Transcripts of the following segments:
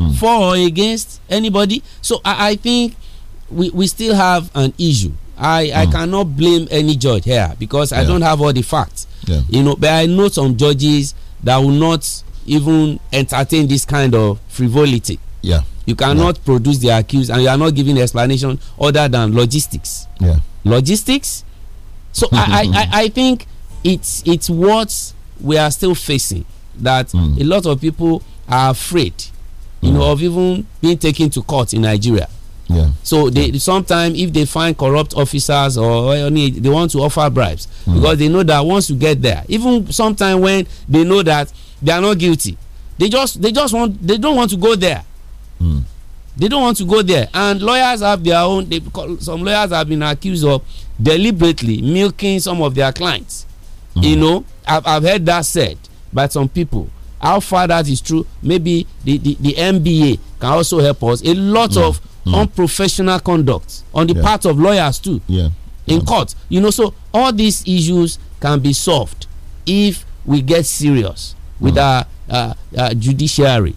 mm. for or against anybody. So I, I, think we, we still have an issue. I, mm. I cannot blame any judge here because I yeah. don't have all the facts. Yeah. You know, but I know some judges that will not even entertain this kind of frivolity. Yeah. You cannot yeah. produce the accused and you are not giving explanation other than logistics. Yeah. Logistics. So I, I, I think it's it's what we are still facing that mm. a lot of people are afraid you know, mm. of even being taken to court in Nigeria. Yeah. So they yeah. sometimes if they find corrupt officers or any, they want to offer bribes mm. because they know that once you get there, even sometimes when they know that they are not guilty, they just they just want they don't want to go there. Mm. They don't want to go there, and lawyers have their own. They, some lawyers have been accused of deliberately milking some of their clients. Mm. You know, I've, I've heard that said by some people how far that is true maybe the the, the mba can also help us a lot mm, of mm. unprofessional conduct on the yeah. part of lawyers too yeah. in court you know so all these issues can be solved if we get serious with mm. our uh, uh, judiciary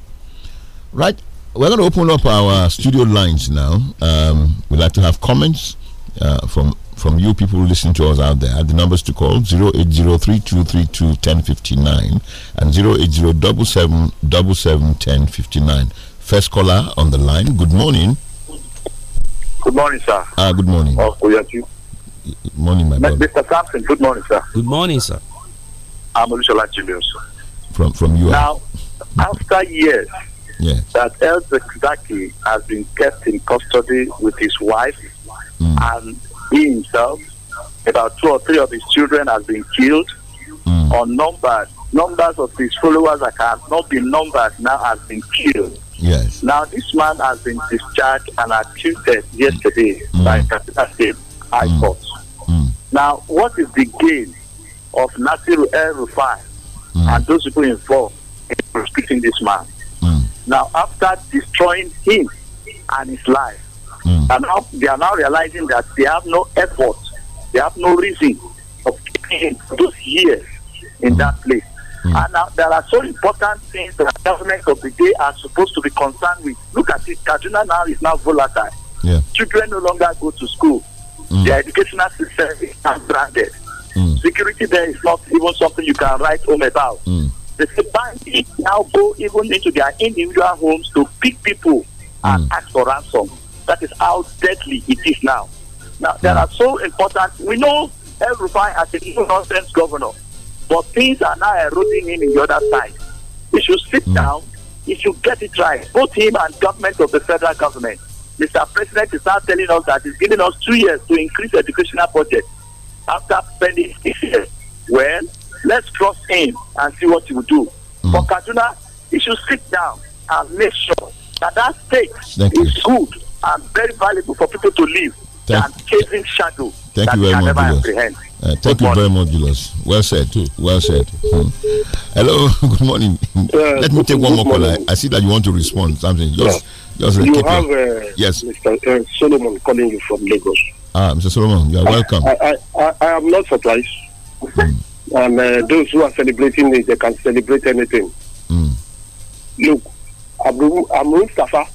right we're going to open up our studio lines now um, we'd like to have comments uh, from from you people listening to us out there. The numbers to call 08032321059 and 08077771059. First caller on the line. Good morning. Good morning, sir. Ah, good morning. Oh, Good morning, my brother. Mr. Sampson, good morning, sir. Good morning, sir. I'm Olushola Julius. From from you. Now, after years yes. that El Zakzaki has been kept in custody with his wife Mm. And he himself, about two or three of his children has been killed mm. or Numbers of his followers that have not been numbered now has been killed. Yes. Now this man has been discharged and accused yesterday mm. by capital State High mm. Court. Mm. Now, what is the gain of Nasiru El Rufai mm. and those people involved in prosecuting this man? Now, after destroying him and his life, Mm. And now they are now realizing that they have no effort, they have no reason of keeping those years in mm. that place. Mm. And now uh, there are so important things that governments of the day are supposed to be concerned with. Look at it, Kaduna now is now volatile. Yeah. Children no longer go to school. Mm. Their educational system is unbranded. Mm. Security there is not even something you can write home about. Mm. The bandits now go even into their individual homes to pick people and mm. ask for ransom. That is how deadly it is now. Now, there hmm. are so important. We know El Rufai as a no nonsense governor, but things are now eroding him in the other side. He should sit mm. down. He should get it right. Both him and government of the federal government. Mr. President is now telling us that he's giving us two years to increase educational budget after spending six years. Well, let's trust him and see what he will do. Mm. For Kaduna, he should sit down and make sure that that state Thank is you. good are very valuable for people to live. Thank, than chasing shadow. Thank that you very much, Julius. Uh, thank good you morning. very much, Julius. Well said, too. Well said. Hmm. Hello, good morning. Uh, Let me take one more call. I, I, see that you want to respond something. Just, yeah. just you have uh, yes, Mr. Uh, Solomon calling you from Lagos. Ah, Mr. Solomon, you are I, welcome. I, I, I, am not surprised. Mm. And uh, those who are celebrating they can celebrate anything. Mm. Look, I'm Mustafa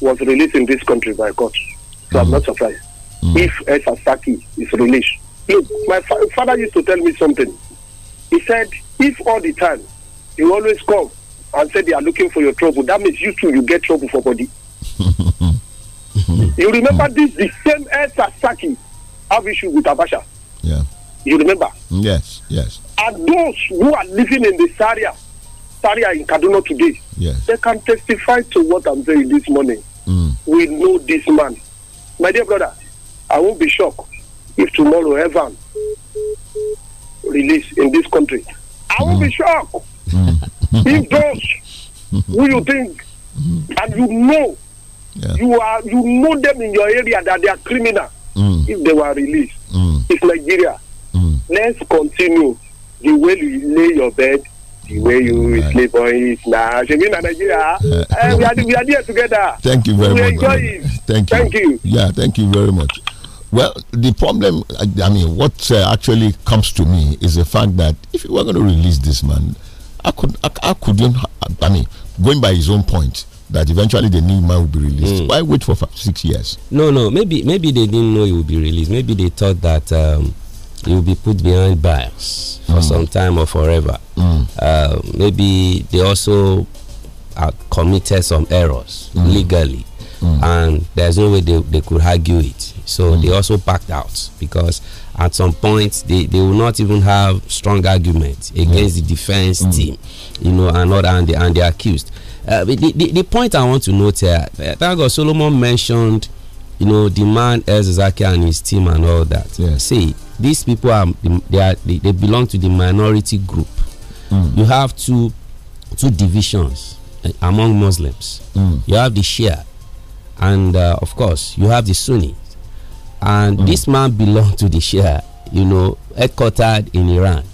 was released in this country by God. So mm. I'm not mm. surprised. Mm. If El Saki is released. Look, my fa father used to tell me something. He said, if all the time you always come and say they are looking for your trouble, that means you too, you get trouble for body. you remember mm. this, the same El have issue with Abasha. Yeah. You remember? Mm, yes, yes. And those who are living in this area Sharia in Kaduna today, yes. they can testify to what I'm saying this morning. Mm. We know this man. My dear brother, I won't be shocked if tomorrow Evan release in this country. I won't be mm. shocked mm. if those who you think mm. and you know yeah. you are you know them in your area that they are criminal mm. if they were released. It's Nigeria. Let's continue the way you lay your bed the way you right. sleep on it now. Should in Nigeria. Uh, we, eh. are, we are there together. Thank you very we much. Enjoy it. Thank you. Thank you. Yeah, thank you very much. Well, the problem, I, I mean, what uh, actually comes to me is the fact that if you were going to release this man, I could, I, I couldn't. I mean, going by his own point, that eventually the new man will be released. Mm. Why wait for six years? No, no. Maybe, maybe they didn't know he would be released. Maybe they thought that. Um, he will be put behind bars for mm. some time or forever. Mm. Uh, maybe they also committed some errors mm. legally, mm. and there's no way they, they could argue it. So mm. they also backed out because at some point they, they will not even have strong arguments against the defense mm. team, you know, and other and the, and the accused. Uh, the, the, the, point I want to note here, uh, Thank Solomon mentioned, you know, the man as Zaki and his team and all that. Yes. See, these people are they are they, they belong to the minority group. Mm. You have two two divisions eh, among Muslims. Mm. You have the Shia, and uh, of course you have the Sunnis. And mm. this man belonged to the Shia, you know, headquartered in Iran.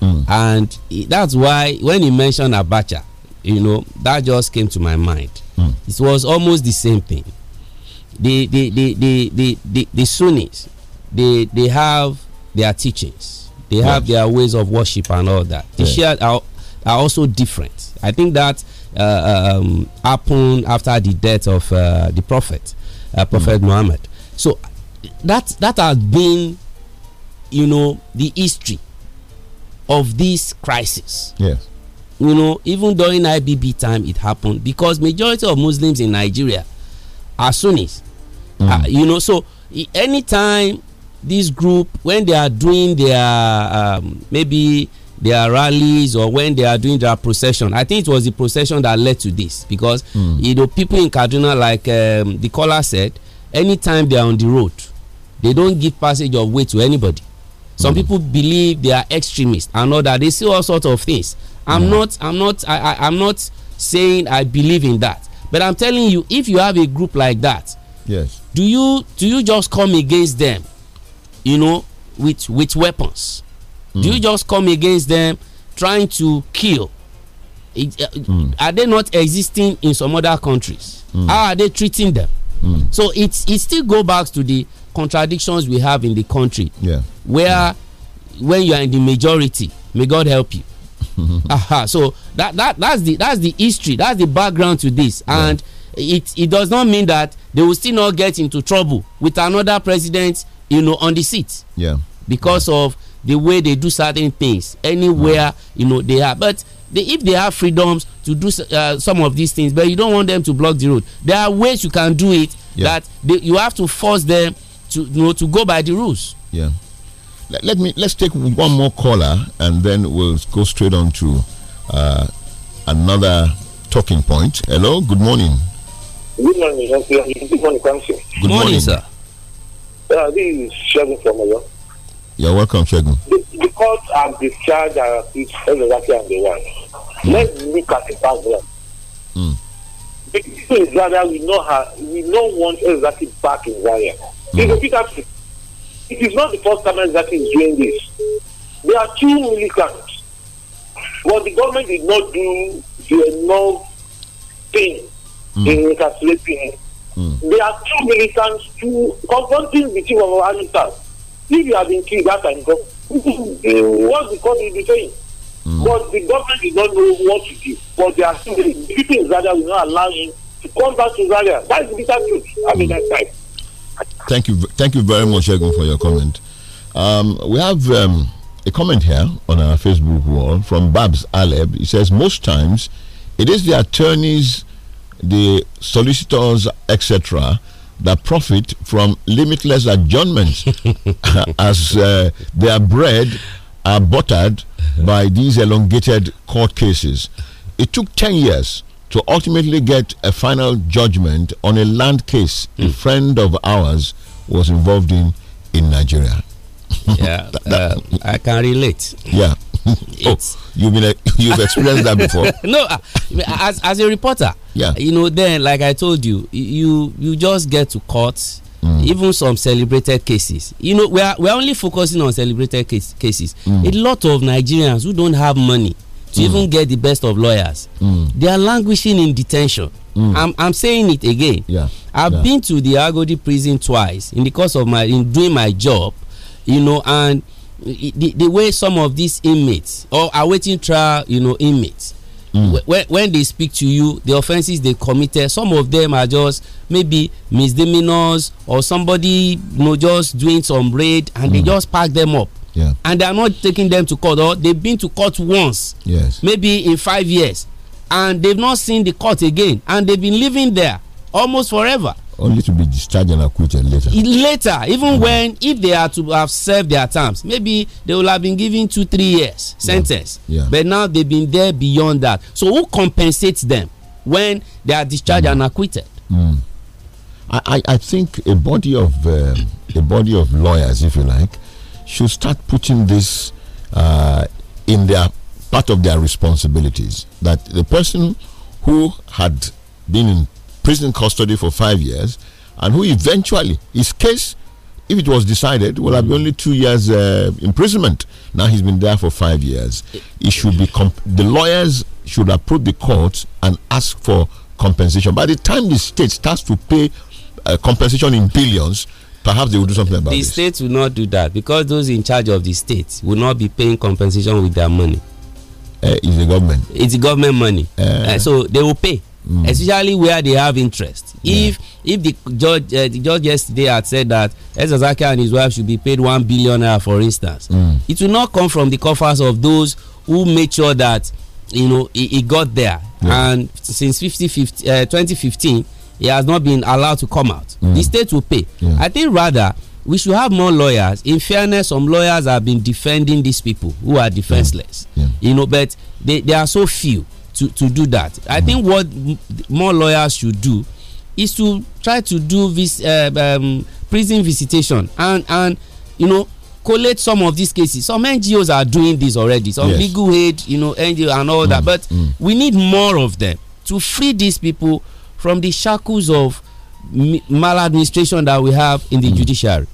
Mm. And that's why when he mentioned Abacha, you know, that just came to my mind. Mm. It was almost the same thing. The the the the the, the, the Sunnis they they have their teachings they have their ways of worship and all that the yeah. shia are, are also different i think that uh, um, happened after the death of uh, the prophet uh, prophet mm. muhammad so that that has been you know the history of this crisis yes you know even during ibb time it happened because majority of muslims in nigeria are sunnis mm. uh, you know so anytime this group when they are doing their um, maybe their rallies or when they are doing their procession. I think it was the procession that led to this because mm. you know people in Kaduna, like um, the caller said, anytime they are on the road, they don't give passage of way to anybody. Some mm. people believe they are extremists and all that. They see all sorts of things. I'm yeah. Hmm. not. I'm not. I, I, am not saying I believe in that. But I'm telling you, if you have a group like that, yes, do you do you just come against them? you know, with with weapons? Mm. Do you hmm. just come against them trying to kill? It, uh, mm. Are they not existing in some other countries? Mm. How are they treating them? Hmm. So it's it still go back to the contradictions we have in the country. Yeah. Where when you are in the majority, may God help you. Aha. So that that that's the that's the history, that's the background to this. And yeah. it it does not mean that they will still not get into trouble with another president you know, on the seat. Yeah. Because yeah. of the way they do certain things anywhere you know they are but they, if they have freedoms to do uh, some of these things but you don't want them to block the road there are ways you can do it yeah. that they, you have to force them to you know to go by the rules yeah let, let, me let's take one more caller and then we'll go straight on to uh, another talking point hello good morning good morning good morning, good morning, good morning sir uh, this is Shegun from Oyo. You're welcome, Shegun. The, the court and the child are it's exactly on the one. Mm. Let's look at the background. Mm. The issue is that we know her, we don't want exactly back in Zaria. Mm. It is not the first time exactly is doing this. There are two militants. But the government did not do the enough thing mm. in incarcerating Mm. are two militants, to confronting the chief of our ministers. If you have been killed that time, go, mm. what the will be saying? Mm. But the government is not know what to do. But they are still people in Zaria will not allow him to come back to Zaria. That is the bitter truth. I mean, mm. that's right. Thank you, thank you very much, Egon, for your comment. Um, we have um, a comment here on our Facebook wall from Babs Aleb. He says, Most times it is the attorneys the solicitors, etc., that profit from limitless adjournments as uh, their bread are buttered by these elongated court cases. It took 10 years to ultimately get a final judgment on a land case mm. a hmm. friend of ours was involved in in Nigeria. yeah, uh, I can relate. Yeah it's oh, you've been you've experienced that before. no, uh, as as a reporter, yeah, you know, then like I told you, you you just get to court. Mm. Even some celebrated cases, you know, we are we are only focusing on celebrated case, cases. Mm. A lot of Nigerians who don't have money to mm. even get the best of lawyers, mm. they are languishing in detention. Mm. I'm I'm saying it again. Yeah, I've yeah. been to the Agodi prison twice in the course of my in doing my job, you know, and the, the way some of these inmates or awaiting trial you know inmates mm. when, when they speak to you the offenses they committed some of them are just maybe misdemeanors or somebody you know just doing some raid and mm. they hmm. just pack them up yeah. and they are not taking them to court or they've been to court once yes maybe in five years and they've not seen the court again and they've been living there almost forever only to be discharged and acquitted later. Later, even mm-hmm. when if they are to have served their terms, maybe they will have been given two, three years sentence. Yeah. Yeah. But now they've been there beyond that. So who compensates them when they are discharged mm. and acquitted? Mm. I, I think a body of um, a body of lawyers, if you like, should start putting this uh, in their part of their responsibilities. That the person who had been in prison custody for five years, and who eventually, his case, if it was decided, will have hmm. only two years uh, imprisonment. Now he's been there for five years. It should be the lawyers should approach the court and ask for compensation. By the time the state starts to pay uh, compensation in billions, perhaps they will do something about it. The this. state will not do that because those in charge of the state will not be paying compensation with their money. Uh, it's the government. It's the government money. Uh, uh so they will pay mm. especially where they have interest. Yeah. If if the judge uh, the judge yesterday had said that Ezazaki and his wife should be paid one billion for instance, mm. it will not come from the coffers of those who made sure that you know he, he got there. Yeah. And since 50, 50 uh, 2015, he has not been allowed to come out. Mm. The state will pay. Yeah. I think rather we should have more lawyers. In fairness, some lawyers have been defending these people who are defenseless. You know, but they, they are so few to to do that. Mm. I mm-hmm. think what more lawyers should do is to try to do this uh, um, um, prison visitation and and you know collate some of these cases. Some NGOs are doing this already. Some yes. legal aid, you know, NGO and all mm. that. Mm-hmm. But mm. we need more of them to free these people from the shackles of maladministration that we have in the judiciary.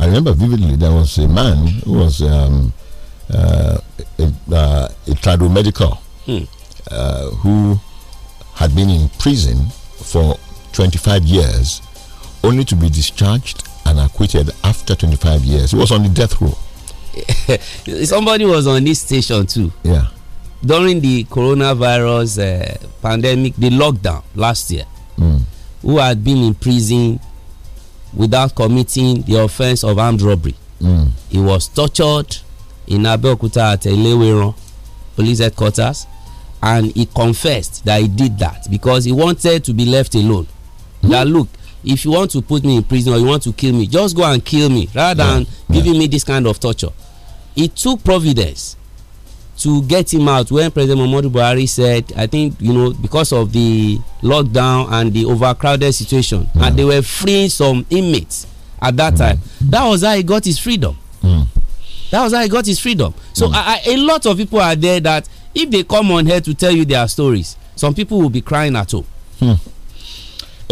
I remember vividly there was a man who was um, uh, a, uh, a, tribal medical hmm. uh, who had been in prison for 25 years, only to be discharged and acquitted after 25 years. He was on the death row. Somebody was on this station too. Yeah. During the coronavirus uh, pandemic, the lockdown last year, mm. who had been in prison without committing the offense of armed robbery. Mm. He was tortured in Abeokuta at Eleweron police headquarters and he confessed that he did that because he wanted to be left alone. Mm. That look, if you want to put me in prison or you want to kill me, just go and kill me rather yeah. than giving me this kind of torture. It took providence to get him out when President Muhammadu Buhari said, I think, you know, because of the lockdown and the overcrowded situation, yeah. and they were freeing some inmates at that mm. time. Hmm. That was how he got his freedom. Mm. That was how he got his freedom. So hmm. I, I, a lot of people are there that if they come on here to tell you their stories some people will be crying at home. Hmm.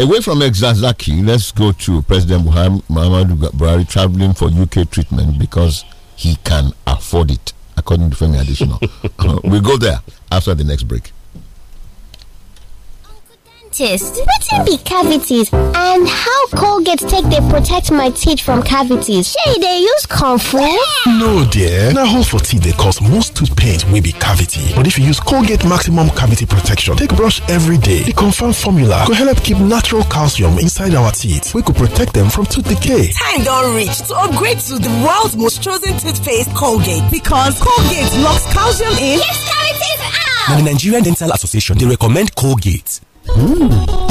Away from Exazaki, let's go to President Muhammadu Buhari traveling for UK treatment because he can afford it, according to Femi Additional. Uh, we go there after the next break dentist can be cavities and how colgate take they protect my teeth from cavities shey they use comfort? no dear Now, hole for teeth they cause most tooth pains will be cavity but if you use colgate maximum cavity protection take brush every day the confam formula go help keep natural calcium inside our teeth We could protect them from tooth decay time don't reach to upgrade to the world's most chosen toothpaste colgate because colgate locks calcium in yes cavities out! the nigerian dental association they recommend colgate Ooh.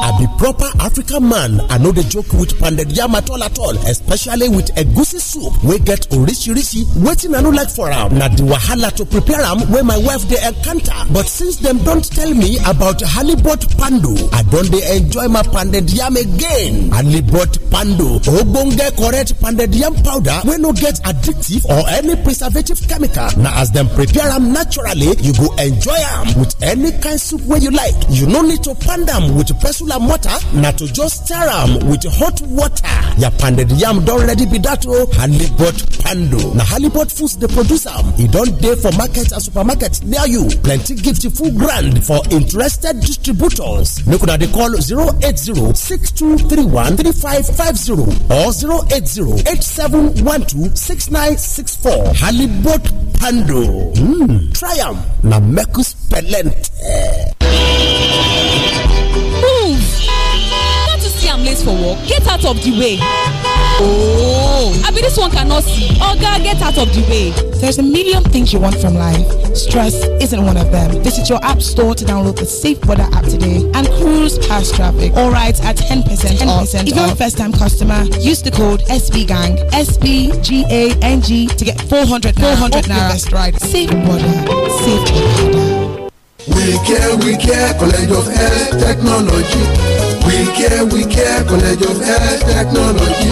I be proper African man. I know the joke with pounded yam at all at all, especially with a goosey soup we get orishirishi. Waiting, I no like for am na the wahala to prepare am Where my wife dey encounter. But since them don't tell me about halibut pandu, I don dey enjoy my pounded yam again. Halibut pando, ogbonge correct pounded yam powder We no get addictive or any preservative chemical. Na as them prepare am naturally, you go enjoy am with any kind soup where you like. You no need to pound am with pestle boil mortar na to just stir am with hot water. Ya pounded yam don ready be that o. Oh. Halibut pando na halibut foods the producer. He don't dey for markets and supermarkets near you. Plenty gift full grand for interested distributors. Make una dey call 080 6231 3550 or 080 8712 6964. Halibut pando. Mm. Try am na make you spelent. Hmm for work get out of the way oh i mean this one cannot see Oh, God, get out of the way there's a million things you want from life stress isn't one of them visit your app store to download the safe weather app today and cruise past traffic all at 10% 10% off. if you're a first-time customer use the code sbgang s-b-g-a-n-g to get 400 400 naira best ride safe weather safe weather we care we care college of health technology care, we care, College of Health Technology.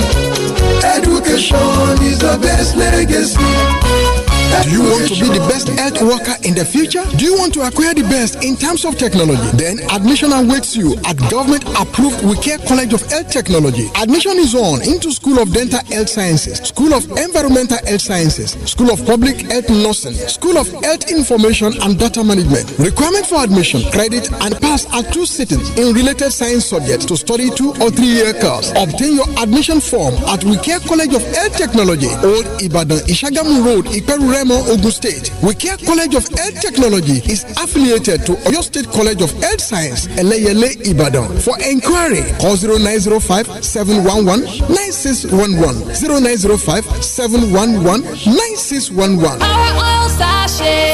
Education is the best legacy. Do you want to be the best health worker in the future? Do you want to acquire the best in terms of technology? Then admission awaits you at government approved WeCare College of Health Technology. Admission is on into School of Dental Health Sciences, School of Environmental Health Sciences, School of Public Health Nursing, School of Health Information and Data Management. Requirement for admission, credit, and pass are two sittings in related science subjects to study two or three year course. Obtain your admission form at WeCare College of Health Technology, Old Ibadan, Ishagamu Road, Iperu Remo, Ogun State. Wikia College of Health Technology is affiliated to Oyo State College of Health Science, Eleyele, Ibadan. For inquiry, call 0905 711 9611. 0905 711 9611.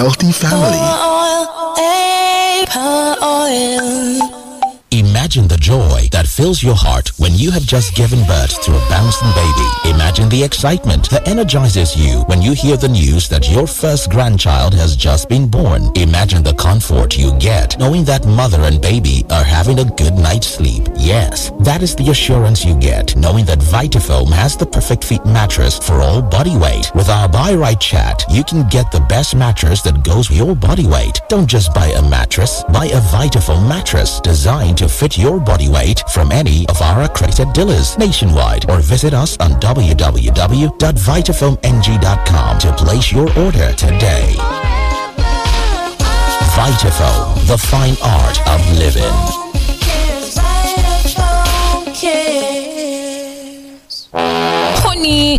healthy family. Imagine the joy that fills your heart when you have just given birth to a bouncing baby. Imagine the excitement that energizes you when you hear the news that your first grandchild has just been born. Imagine the comfort you get knowing that mother and baby are having a good night's sleep. Yes, that is the assurance you get knowing that Vitafoam has the perfect fit mattress for all body weight. With our Buy Right Chat, you can get the best mattress that goes with your body weight. Don't just buy a mattress, buy a Vitafoam mattress designed to fit your body weight from any of our at dealers nationwide or visit us on www.vitafilmng.com to place your order today. Vitafilm, the fine art of living. Honey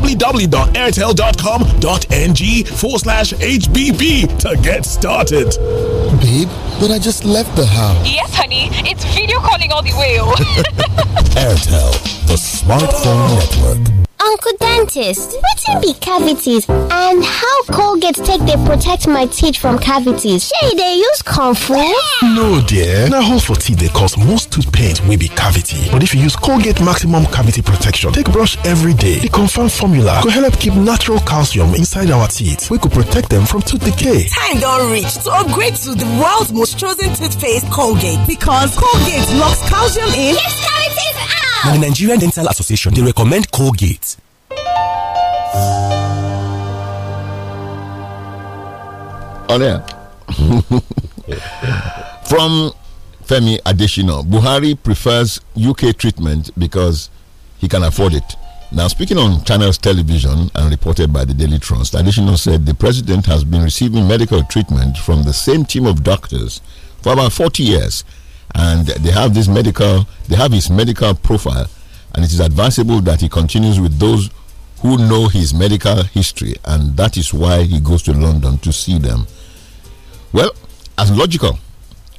www.airtel.com.ng forward slash HBB to get started. Babe, but I just left the house. Yes, honey. It's video calling all the way. Oh. Airtel, the smartphone network. Uncle Dentist, what be cavities and how Colgate take they protect my teeth from cavities? Shey, they use comfort? No, dear. Now, hold for teeth they cause most tooth pain will be cavity. But if you use Colgate Maximum Cavity Protection, take brush every day. The confirm formula help keep natural calcium inside our teeth, we could protect them from tooth decay. Time don't reach to upgrade to the world's most chosen toothpaste, Colgate, because Colgate locks calcium in. Keeps out. the Nigerian Dental Association they recommend Colgate. Oh yeah. From Femi Adesina, Buhari prefers UK treatment because he can afford it. Now, speaking on China's television and reported by the Daily Trust, Additional said the president has been receiving medical treatment from the same team of doctors for about 40 years, and they have this medical, they have his medical profile, and it is advisable that he continues with those who know his medical history, and that is why he goes to London to see them. Well, as logical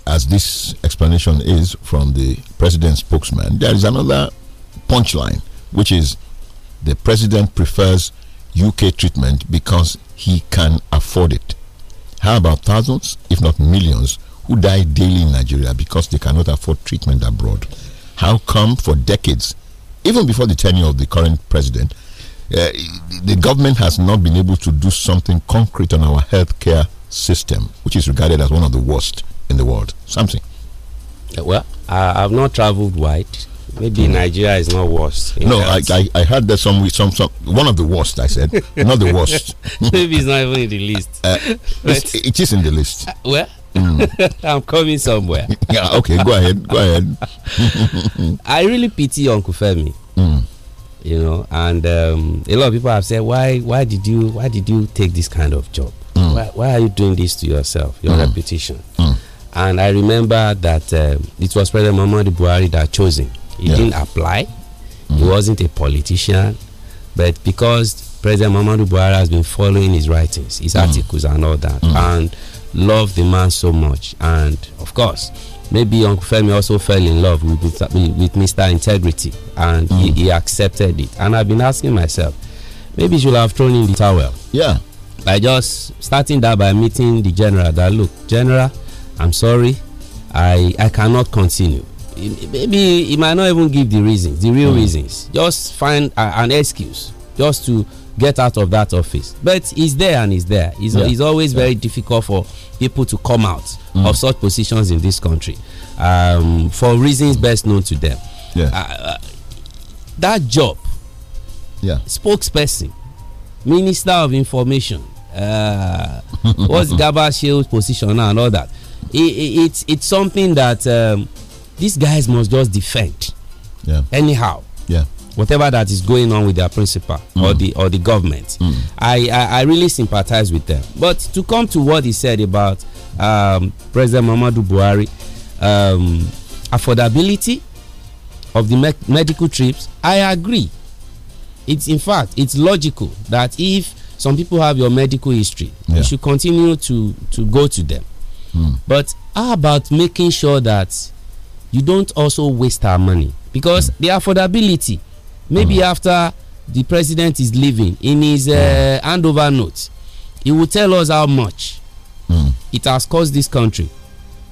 as this explanation is from the president's spokesman, there is another punchline, which is the president prefers UK treatment because he can afford it. How about thousands, if not millions, who die daily in Nigeria because they cannot afford treatment abroad? How come for decades, even before the tenure of the current president, uh, the government has not been able to do something concrete on our healthcare system, which is regarded as one of the worst in the world? Something. Well, I've not traveled wide Maybe Nigeria is not worst. No, I, I, I heard that some some some one of the worst. I said not the worst. Maybe it's not even in the list. Uh, it's, in the list. Uh, where? Mm. I'm coming somewhere. yeah, okay, go ahead, go ahead. I really pity Uncle Femi. Mm. You know, and um, a lot of people have said, why, why did you, why did you take this kind of job? Mm. Why, why, are you doing this to yourself, your mm. reputation? Mm. And I remember that um, it was President Muhammadu Buhari that chose him. He yeah. didn't apply. Mm. He wasn't a politician, but because President Muhammadu Buhari has been following his writings, his mm. articles, and all that, mm. and loved the man so much. And of course, maybe Uncle Femi also fell in love with, with Mr. Integrity and mm. he, he, accepted it. And I've been asking myself, maybe should have thrown in the towel. Yeah. By just starting that by meeting the general that, look, general, I'm sorry, I, I cannot continue maybe he might not even give the reasons, the real mm. reasons. Just find a, an excuse just to get out of that office. But he's there and he's there. It's, yeah. always yeah. very difficult for people to come out mm. of such positions in this country um, for reasons hmm. best known to them. Yeah. Uh, uh, that job, yeah. spokesperson, minister of information, uh, what's Gaba Shield's position and all that. It, it, it's, it's something that. Um, these guys must just defend yeah. anyhow. Yeah. Whatever that is going on with their principal mm. or the or the government, mm. I, I, I really sympathize with them. But to come to what he said about um, President Muhammadu Buhari, um, affordability of the me medical trips, I agree. It's in fact it's logical that if some people have your medical history, yeah. you should continue to to go to them. Mm. But how about making sure that you don't also waste our money because the affordability maybe mm. after the president is leaving in his uh, mm. handover note he will tell us how much mm. it has cost this country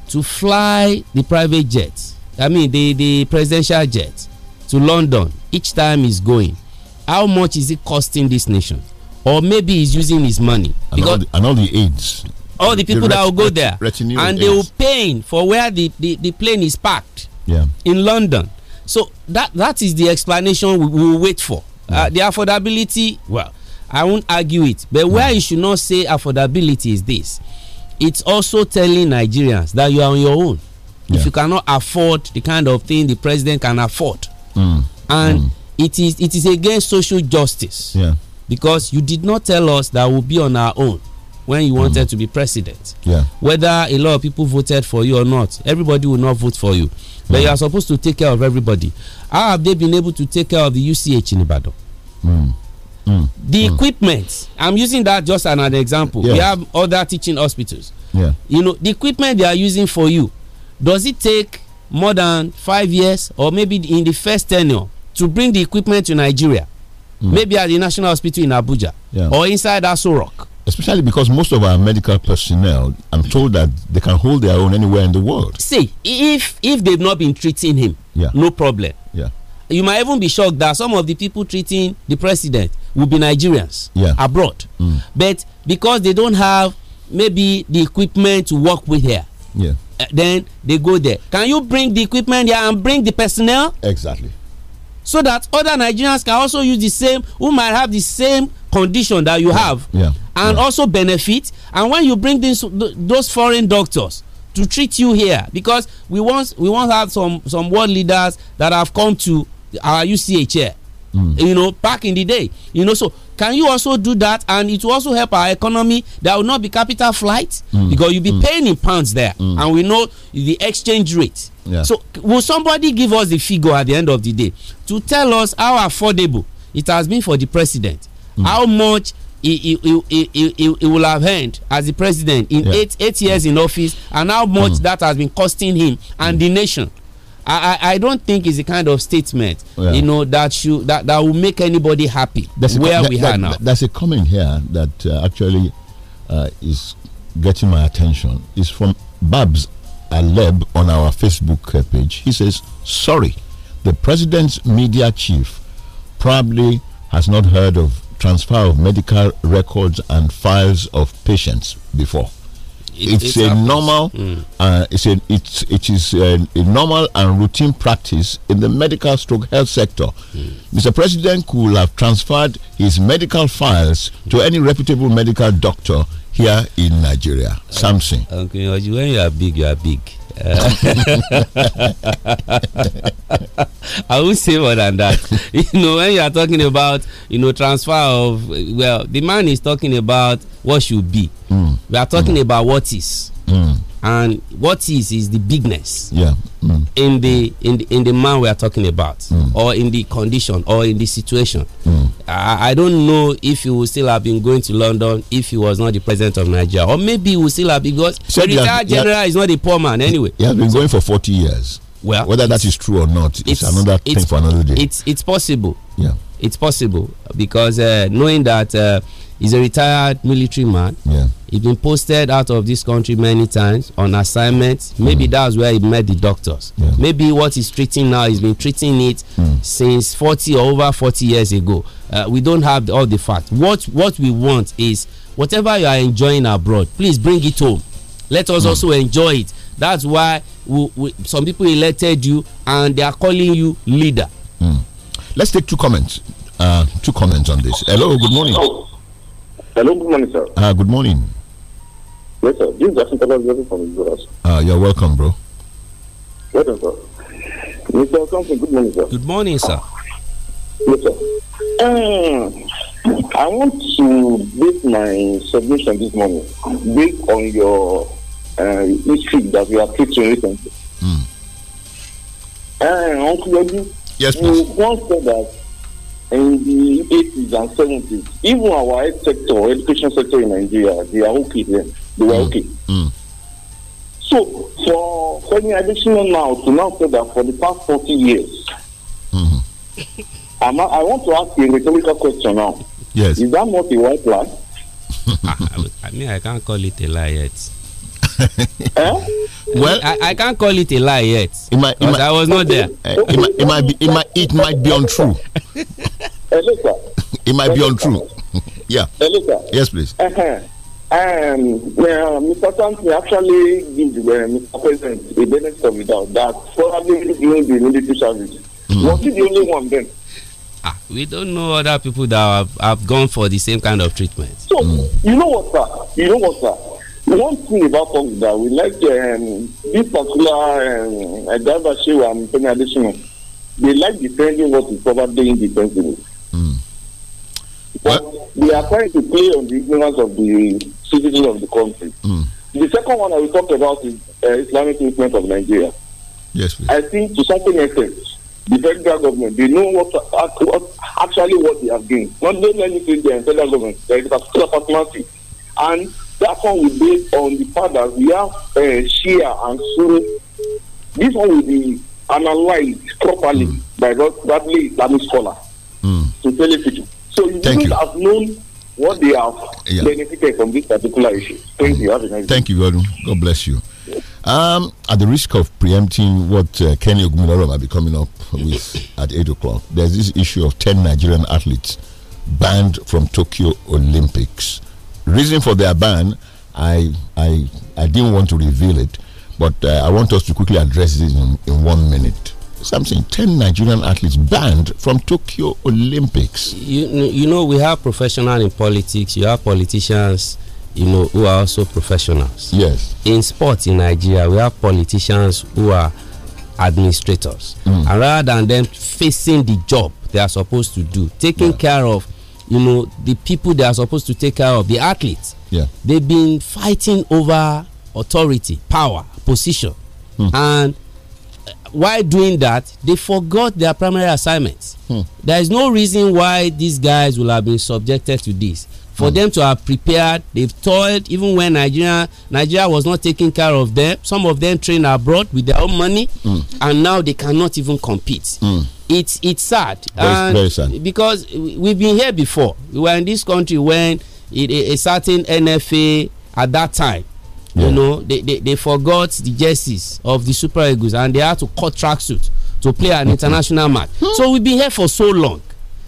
to fly the private jet i mean the the presidential jet to london each time he's going how much is it costing this nation or maybe he's using his money and because all the, and all the aids all the people the that will go there and they will pay for where the, the, the plane is parked yeah. in london so that that is the explanation we will wait for uh, yeah. uh, the affordability well i won't argue it but where yeah. you should not say affordability is this it's also telling nigerians that you are on your own if you cannot afford the kind of thing the president can afford mm. and mm. it is it is against social justice because you did not tell us that we'll be on our own when you wanted mm. to be president. Yeah. Whether a lot of people voted for you or not, everybody will not vote for you. But you mm. are supposed to take care of everybody. How have they been able to take care of the UCH in Ibadan? Mm. mm. The mm. equipment, I'm using that just as an example. We have other teaching hospitals. Yeah. You know, the equipment they are using for you, does it take more than five years or maybe in the first tenure to bring the equipment to Nigeria? Maybe at the National Hospital in Abuja yeah. or inside Aso Rock especially because most of our medical personnel, I'm told that they can hold their own anywhere in the world. See, if if they've not been treating him, yeah. no problem. Yeah. You might even be shocked that some of the people treating the president will be Nigerians yeah. abroad. Mm. But because they don't have maybe the equipment to work with here, yeah. Uh, then they go there. Can you bring the equipment here and bring the personnel? Exactly so that other Nigerians can also use the same who might have the same condition that you have yeah. and yeah. also benefit and when you bring those foreign doctors to treat you here because we once we once had some some world leaders that have come to our UCH here mm. you know back in the day you know so can you also do that and it will also help our economy there will not be capital flight mm. because you'll be mm. paying in pounds there hmm. and we know the exchange rate yeah. So will somebody give us the figure at the end of the day to tell us how affordable it has been for the president? Mm. How much he, he, he, he, will have earned as the president in yeah. eight, eight years in office and how much mm. that has been costing him and mm. the nation. I, I, don't think it's the kind of statement yeah. you know that should that, that will make anybody happy that's where a, we that, are now. There's a comment here that uh, actually uh, is getting my attention. It's from Babs Aleb on our Facebook page. He says, Sorry, the president's media chief probably has not heard of transfer of medical records and files of patients before. It, it's, it a normal, mm. uh, it's a, it's, it is a, a, normal and routine practice in the medical stroke health sector. Mm. Mr. President could have transferred his medical files to any reputable medical doctor here in Nigeria. Samson. Uh, okay, when you are big, you are big. Uh, I will say more than that. You know, when you are talking about, you know, transfer of, well, the man is talking about what should be. Mm. We are talking mm. about what is. Mm. And what is is the bigness yeah. mm. in, the, in the in the man we are talking about, mm. or in the condition, or in the situation. Mm. I, I, don't know if you would still have been going to London if he was not the president of Nigeria, or maybe he would still have because so the retired general has, is not a poor man anyway. He has been going for forty years. Well, whether that is true or not, it's, it's another thing for another day. It's it's possible. Yeah it's possible because uh, knowing that uh, he's a retired military man, yeah. he's been posted out of this country many times on assignments. Maybe mm. that's where he met the doctors. Yeah. Maybe what he's treating now, he's been treating it mm. since 40 or over 40 years ago. Uh, we don't have all the facts. What what we want is whatever you are enjoying abroad, please bring it home. Let us mm. also enjoy it. That's why we, we, some people elected you and they are calling you leader. Mm. Let's take two comments. Uh, two comments on this. Hello, good morning. Hello, good morning, sir. Uh, good morning. Yes, sir. This is Jackson Taylor from Honduras. Ah, you're welcome, bro. Welcome, sir. Mr. Thompson, good morning, sir. Good morning, sir. Yes, sir. Um, I want to base my submission this morning based on your uh, history that you are teaching recently. Mm. Uh, Uncle Eddie, Yes, We once said that in the 80s and 70s, even our health sector, education sector in Nigeria, they are okay then. They were mm. okay. Mm. So, for any additional now to now say that for the past 40 years, mm. i want to ask you a rhetorical question now. Yes. Is that not a white lie? I mean, I can't call it a lie yet eh? Well, I, I, can't call it a lie yet. It might, it might, I was not there. Eh, it, might, it, might, be. It might. It might be untrue. it might be untrue. yeah. Yes, please. Uh -huh. Um, well, Mr. Thompson actually gives uh, Mr. President a benefit of doubt that probably during the military service. Mm. Was he the only one then? Ah, we don't know other people that have, have, gone for the same kind of treatment. So, mm. you know what, sir? You know what, sir? One thing about us that we like um, this particular um, Adaba Shewa and Penny Additional, they like defending what is probably indefensible. Hmm. but we they are trying to play on the ignorance of the citizens of the country. Mm. The second one I will talk about is uh, Islamic movement of Nigeria. Yes, please. I think to some extent, the federal government they know what, what actually what they have done. Not doing anything the federal government. There is a particular personality, and that one will be on the part that we have uh, Shia and Suru. This one will be analyzed properly mm. by Bradley Islamic scholar. Mm. Sincerely speaking. So you Thank you. have known what they have yeah. benefited from this particular issue. Thank mm. you. Have a nice Thank day. you, Godwin. God bless you. Um, at the risk of preempting what uh, Kenny Ogumiloro will be coming up with at 8 o'clock, there's this issue of 10 Nigerian athletes banned from Tokyo Olympics reason for their ban, I I I didn't want to reveal it, but uh, I want us to quickly address this in, in one minute. Something 10 Nigerian athletes banned from Tokyo Olympics. You, you know, we have professionals in politics, you have politicians, you know, who are also professionals. Yes. In sports in Nigeria, we have politicians who are administrators. Mm. And rather than them facing the job they are supposed to do, taking yeah. care of you know the people they are supposed to take care of the athletes yeah they've been fighting over authority power position hmm. and uh, while doing that they forgot their primary assignments hmm. there is no reason why these guys will have been subjected to this for hmm. them to have prepared they've toiled even when nigeria nigeria was not taking care of them some of them train abroad with their own money hmm. and now they cannot even compete hmm it's it's sad. Very, very sad. Because we've been here before. We were in this country when it, a, a, certain NFA at that time, yeah. you know, they, they, they forgot the jerseys of the Super Eagles and they had to cut tracksuit to play an international match. Hmm. So we've been here for so long.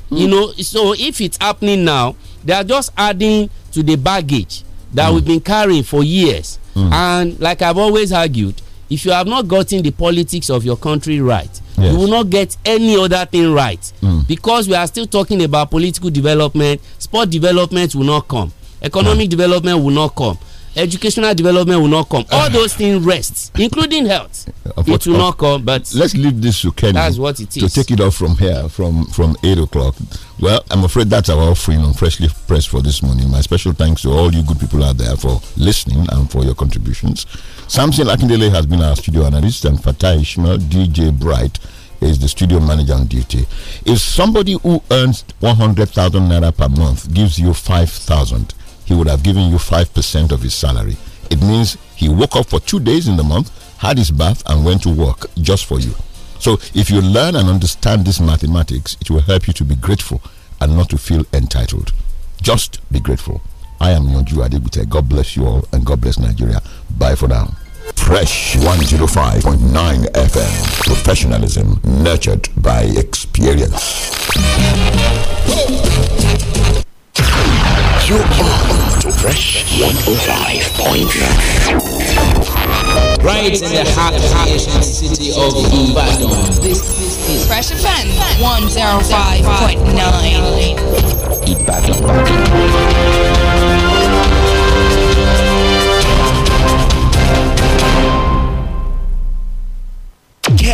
Hmm. You know, so if it's happening now, they are just adding to the baggage that mm. we've been carrying for years. Mm. And like I've always argued, if you have not gotten the politics of your country right, yes. you will not get any other thing right. Mm. Because we are still talking about political development, sport development will not come, economic mm. development will not come educational development will not come. All ah. those things rest, including health. Of it will not come. But let's leave this to Kenny. That's what it is. To take it off from here, from from eight o'clock. Well, I'm afraid that's our offering on Freshly Pressed for this morning. My special thanks to all you good people out there for listening and for your contributions. Samson Akindele has been our studio analyst, and Fatah Ishmael, DJ Bright is the studio manager on duty. If somebody who earns 100,000 naira per month gives you 5,000, he would have given you 5% of his salary. It means he woke up for two days in the month, had his bath, and went to work just for you. So if you learn and understand this mathematics, it will help you to be grateful and not to feel entitled. Just be grateful. I am Yonju Adibute. God bless you all and God bless Nigeria. Bye for now. Fresh 105.9 FM. Professionalism nurtured by experience. You are to Fresh 105.9. Right in the heart of the city of Ibadan. This is Fresh Event 105.9. Ibadan.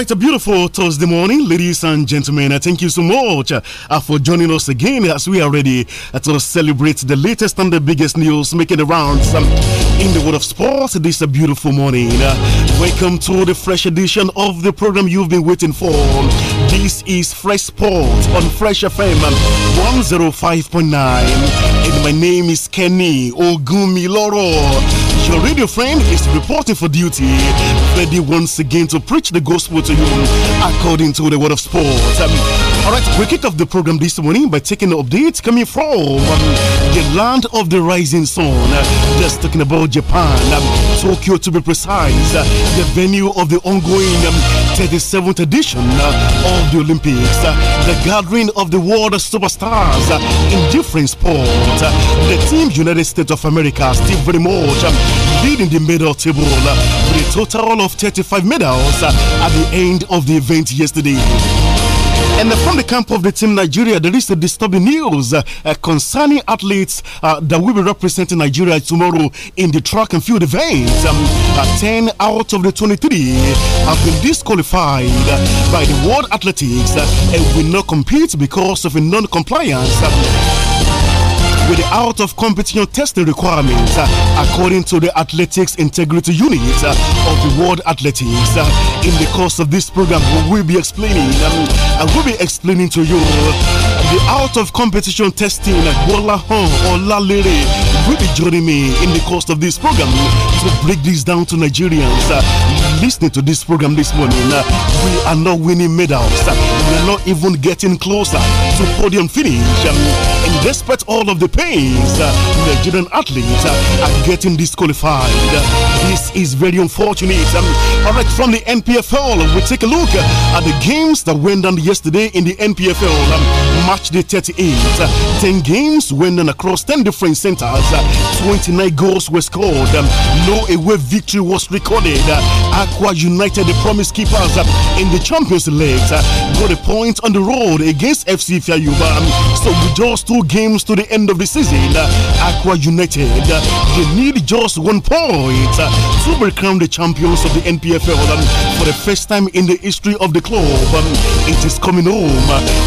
right, a beautiful Thursday morning, ladies and gentlemen. Thank you so much uh, for joining us again as we are ready uh, to celebrate the latest and the biggest news making the rounds um, in the world of sports this a beautiful morning. Uh, welcome to the fresh edition of the program you've been waiting for. This is Fresh Sports on Fresh FM um, 105.9, and my name is Kenny Ogumiloro. International Radio Friend is reporting for duty, ready once again to preach the gospel to you according to the word of sport. Um, all right, we kick off the program this morning by taking updates coming from um, the land of the rising sun. Uh, just talking about Japan, um, Tokyo to be precise, uh, the venue of the ongoing um, 37th edition of the Olympics, the gathering of the world superstars in different sports. The team United States of America still very much leading the medal table with a total of 35 medals at the end of the event yesterday. And uh, from the camp of the team Nigeria, there is a disturbing news uh, uh, concerning athletes uh, that will be representing Nigeria tomorrow in the track and field events. Um, uh, 10 out of the 23 have been disqualified uh, by the World Athletics and will not compete because of non compliance with the out of competition testing requirements uh, according to the Athletics Integrity Unit uh, of the World Athletics. Uh, in the course of this program, we will be explaining, um, I will be explaining to you the out of competition testing Bola or Olalere will be joining me in the course of this program to break this down to Nigerians uh, listening to this program this morning. Uh, we are not winning medals, uh, we are not even getting closer to podium finish. Um, Despite all of the pains, uh, Nigerian athletes uh, are getting disqualified. This is very unfortunate. Um, all right, from the NPFL, we take a look at the games that went on yesterday in the NPFL. Um, match day 38. Uh, 10 games winning across 10 different centers. Uh, 29 goals were scored. Um, no away victory was recorded. Uh, Aqua United, the promise keepers in the Champions League, got a point on the road against FC Fiuba. Um, so with just two games to the end of the season, Aqua United, they need just one point to become the champions of the NPFL um, for the first time in the history of the club. It is coming home.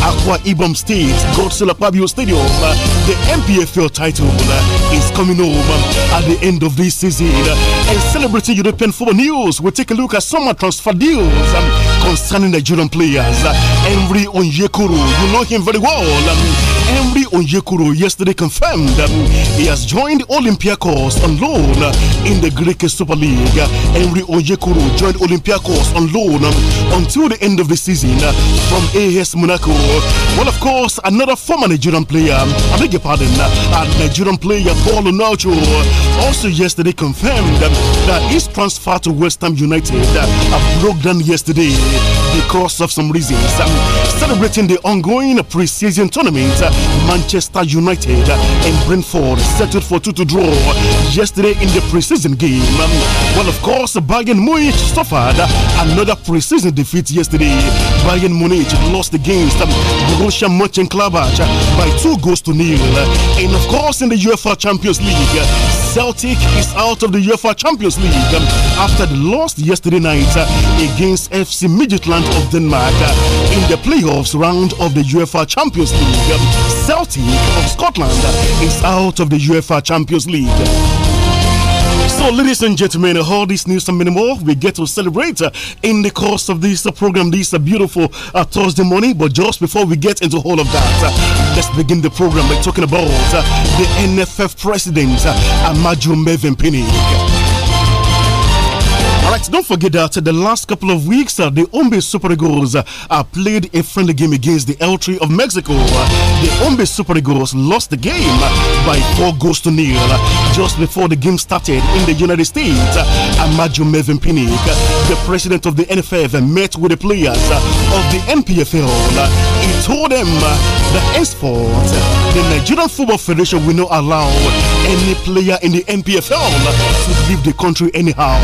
Aqua Ibom Stadium State Godsilla Pabio Stadium. Uh, the MPFL title uh, is coming home uh, at the end of this season. And celebrating European football news, we'll take a look at summer transfer deals um, concerning Nigerian players. Henry Onyekuru, you know him very well. Um, Henry Onyekuro yesterday confirmed he has joined Olympiacos on loan in the Greek Super League. Henry Onyekuro joined Olympiacos on loan until the end of the season from AS Monaco. Well, of course, another former Nigerian player, I beg your pardon, a Nigerian player, Paul Onacho, also yesterday confirmed that his transfer to West Ham United broke down yesterday because of some reasons. Celebrating the ongoing pre-season tournament Manchester United and Brentford settled for 2 to draw yesterday in the preseason game. Well, of course, Bayern Munich suffered another preseason defeat yesterday. Bayern Munich lost against Borussia Mönchengladbach by two goals to nil. And of course, in the UEFA Champions League, Celtic is out of the UEFA Champions League after the loss yesterday night against FC Midtjylland of Denmark in the playoffs round of the UEFA Champions League. Celtic of Scotland is out of the UEFA Champions League. So, ladies and gentlemen, all this news and many more we get to celebrate in the course of this program. This beautiful uh, Thursday morning. But just before we get into all of that, uh, let's begin the program by talking about uh, the NFF president, uh, Amaju Mevin Pinnick right, don't forget that the last couple of weeks, uh, the Ombe Super Eagles uh, played a friendly game against the L3 of Mexico. Uh, the Ombe Super Eagles lost the game uh, by four goals to nil uh, just before the game started in the United States. Uh, Amadio Mevin Pinnick, the president of the NFF, met with the players of the MPFL. he told them that henceforth, the Nigerian Football Federation will not allow any player in the MPFL to leave the country anyhow.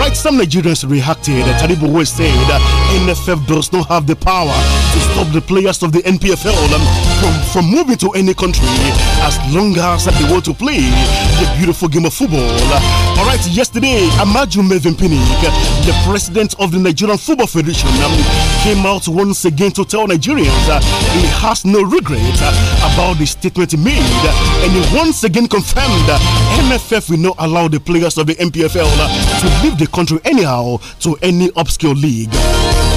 All right, some Nigerians reacted. Uh, Taribu West said uh, NFF does not have the power to stop the players of the NPFL um, from, from moving to any country as long as they want to play the beautiful game of football. Uh, All right, yesterday, Amaju Mevin Pinnick, the president of the Nigerian Football Federation, um, came out once again to tell Nigerians he has no regret about the statement he made and he once again confirmed NFF will not allow the players of the NPFL to leave the country anyhow to any obscure league. I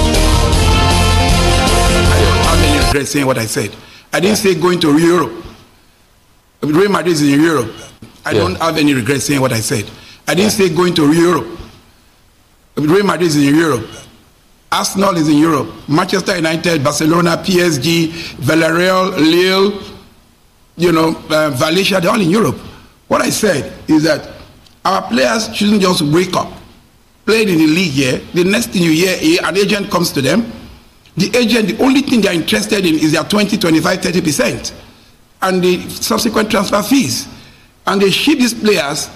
don't have any regret saying what I said. I didn't yeah. say going to Europe. Real Madrid is in Europe. I yeah. don't have any regret saying what I said. I didn't yeah. say going to Europe. Real Madrid is in Europe. Arsenal is in Europe. Manchester United, Barcelona, PSG, Villarreal, Lille, you know, uh, Valencia, they're all in Europe. What I said is that our players shouldn't just wake up played in the league here, the next thing you hear, an agent comes to them. The agent, the only thing they're interested in is their 20, 25, 30% and the subsequent transfer fees. And they ship these players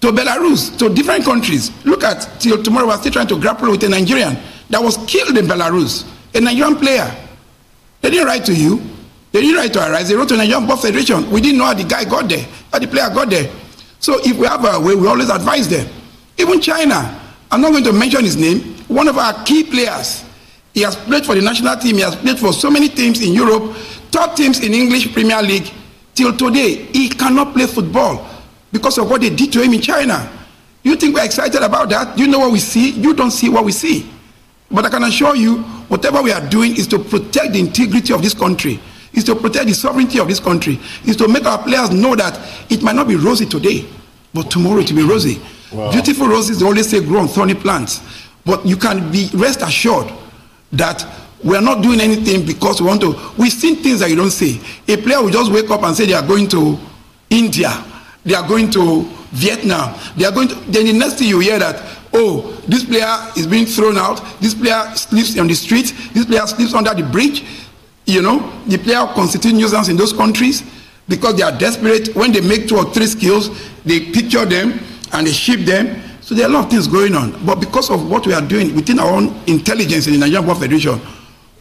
to Belarus, to different countries. Look at, till tomorrow, we're still trying to grapple with a Nigerian that was killed in Belarus, a Nigerian player. They didn't write to you. They didn't write to Arise. They wrote to Nigerian Football Federation. We didn't know how the guy got there, how the player got there. So if we have a way, we always advise them. Even China, I'm not going to mention his name, one of our key players. He has played for the national team, he has played for so many teams in Europe, top teams in English Premier League. Till today, he cannot play football because of what they did to him in China. You think we're excited about that? You know what we see? You don't see what we see. But I can assure you, whatever we are doing is to protect the integrity of this country, is to protect the sovereignty of this country, is to make our players know that it might not be rosy today but tomorrow it will be rosy. Wow. Beautiful roses, they always say grow on thorny plants. But you can be rest assured that we are not doing anything because we want to. We've seen things that you don't see. A player will just wake up and say they are going to India, they are going to Vietnam, they are going to. Then the next thing you hear that, oh, this player is being thrown out, this player sleeps on the street, this player sleeps under the bridge. You know, the player constitute nuisance in those countries because they are desperate. When they make two or three skills, they picture them and they ship them. So there are a lot of things going on. But because of what we are doing within our own intelligence in the Nigerian Football Federation,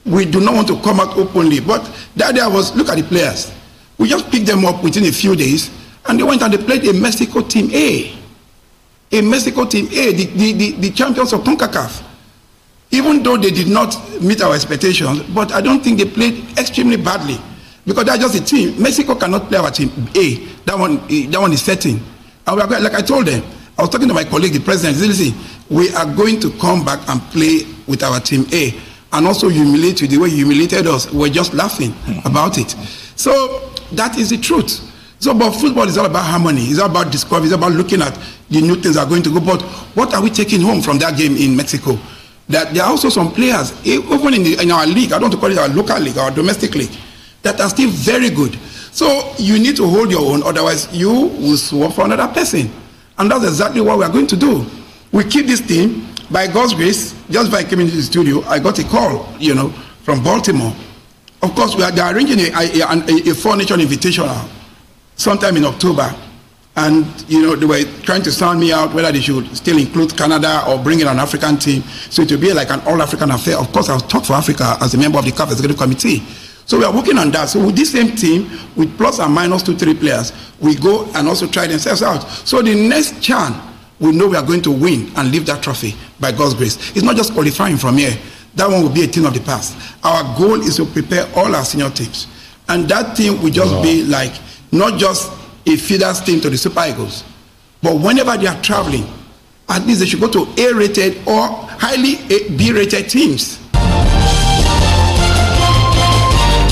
we do not want to come out openly. But the idea was, look at the players. We just picked them up within a few days and they went and they played a Mexico Team A. A Mexico Team A, the, the, the, the champions of CONCACAF. Even though they did not meet our expectations, but I don't think they played extremely badly because that's just a team. Mexico cannot play our team A. That one, that one is certain like I told them, I was talking to my colleague, the president. Listen, we are going to come back and play with our team A and also humiliate you the way you humiliated us. We're just laughing mm-hmm. about it. So that is the truth. So, but football is all about harmony. It's all about discovery. It's about looking at the new things that are going to go. But what are we taking home from that game in Mexico? That there are also some players, even in, the, in our league, I don't want to call it our local league, our domestic league, that are still very good. So you need to hold your own, otherwise you will swap for another person. And that's exactly what we are going to do. We keep this thing. By God's grace, just by coming to the studio, I got a call, you know, from Baltimore. Of course, we are, they are arranging a, a, a, a furniture invitation sometime in October. And, you know, they were trying to sound me out whether they should still include Canada or bring in an African team. So it would be like an all-African affair. Of course, I'll talk for Africa as a member of the CAF Executive Committee. So we are working on that. So with this same team, with plus and minus two, three players, we go and also try themselves out. So the next chan, we know we are going to win and leave that trophy by God's grace. It's not just qualifying from here. That one will be a thing of the past. Our goal is to prepare all our senior teams. And that team will just wow. be like, not just a feeders team to the Super Eagles, but whenever they are traveling, at least they should go to A-rated or highly B-rated teams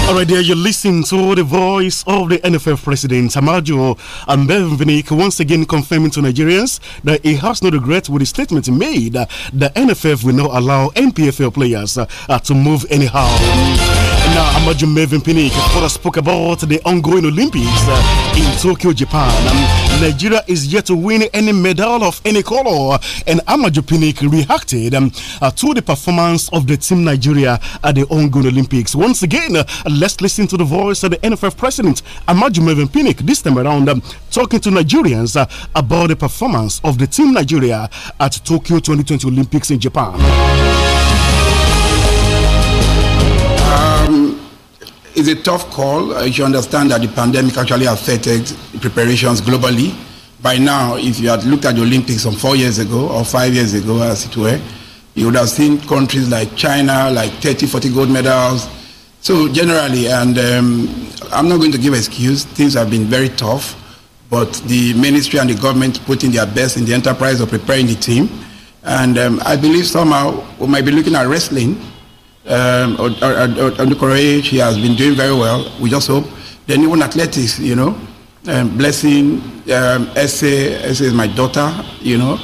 All right, there you're listening to the voice of the NFF president, Amadio Ambevnik, once again confirming to Nigerians that he has no regret with the statement made that the NFF will not allow NPFL players uh, to move anyhow uh, Amaju Mevin Pinnick for us spoke about the ongoing Olympics uh, in Tokyo, Japan. Um, Nigeria is yet to win any medal of any color, and Amaju Pinnick reacted um, uh, to the performance of the team Nigeria at the ongoing Olympics. Once again, uh, let's listen to the voice of the NFF president, Amaju Mevin Pinnick, this time around um, talking to Nigerians uh, about the performance of the team Nigeria at Tokyo 2020 Olympics in Japan. it's a tough call. Uh, you understand that the pandemic actually affected preparations globally. By now, if you had looked at the Olympics from four years ago or five years ago, as it were, you would have seen countries like China, like 30, 40 gold medals. So generally, and um, I'm not going to give excuse, things have been very tough, but the ministry and the government putting their best in the enterprise of preparing the team. And um, I believe somehow we might be looking at wrestling um, on, on, on the courage. He has been doing very well. We just hope. the new one athletics, you know, um, blessing. Um, Essay, Essay is my daughter, you know,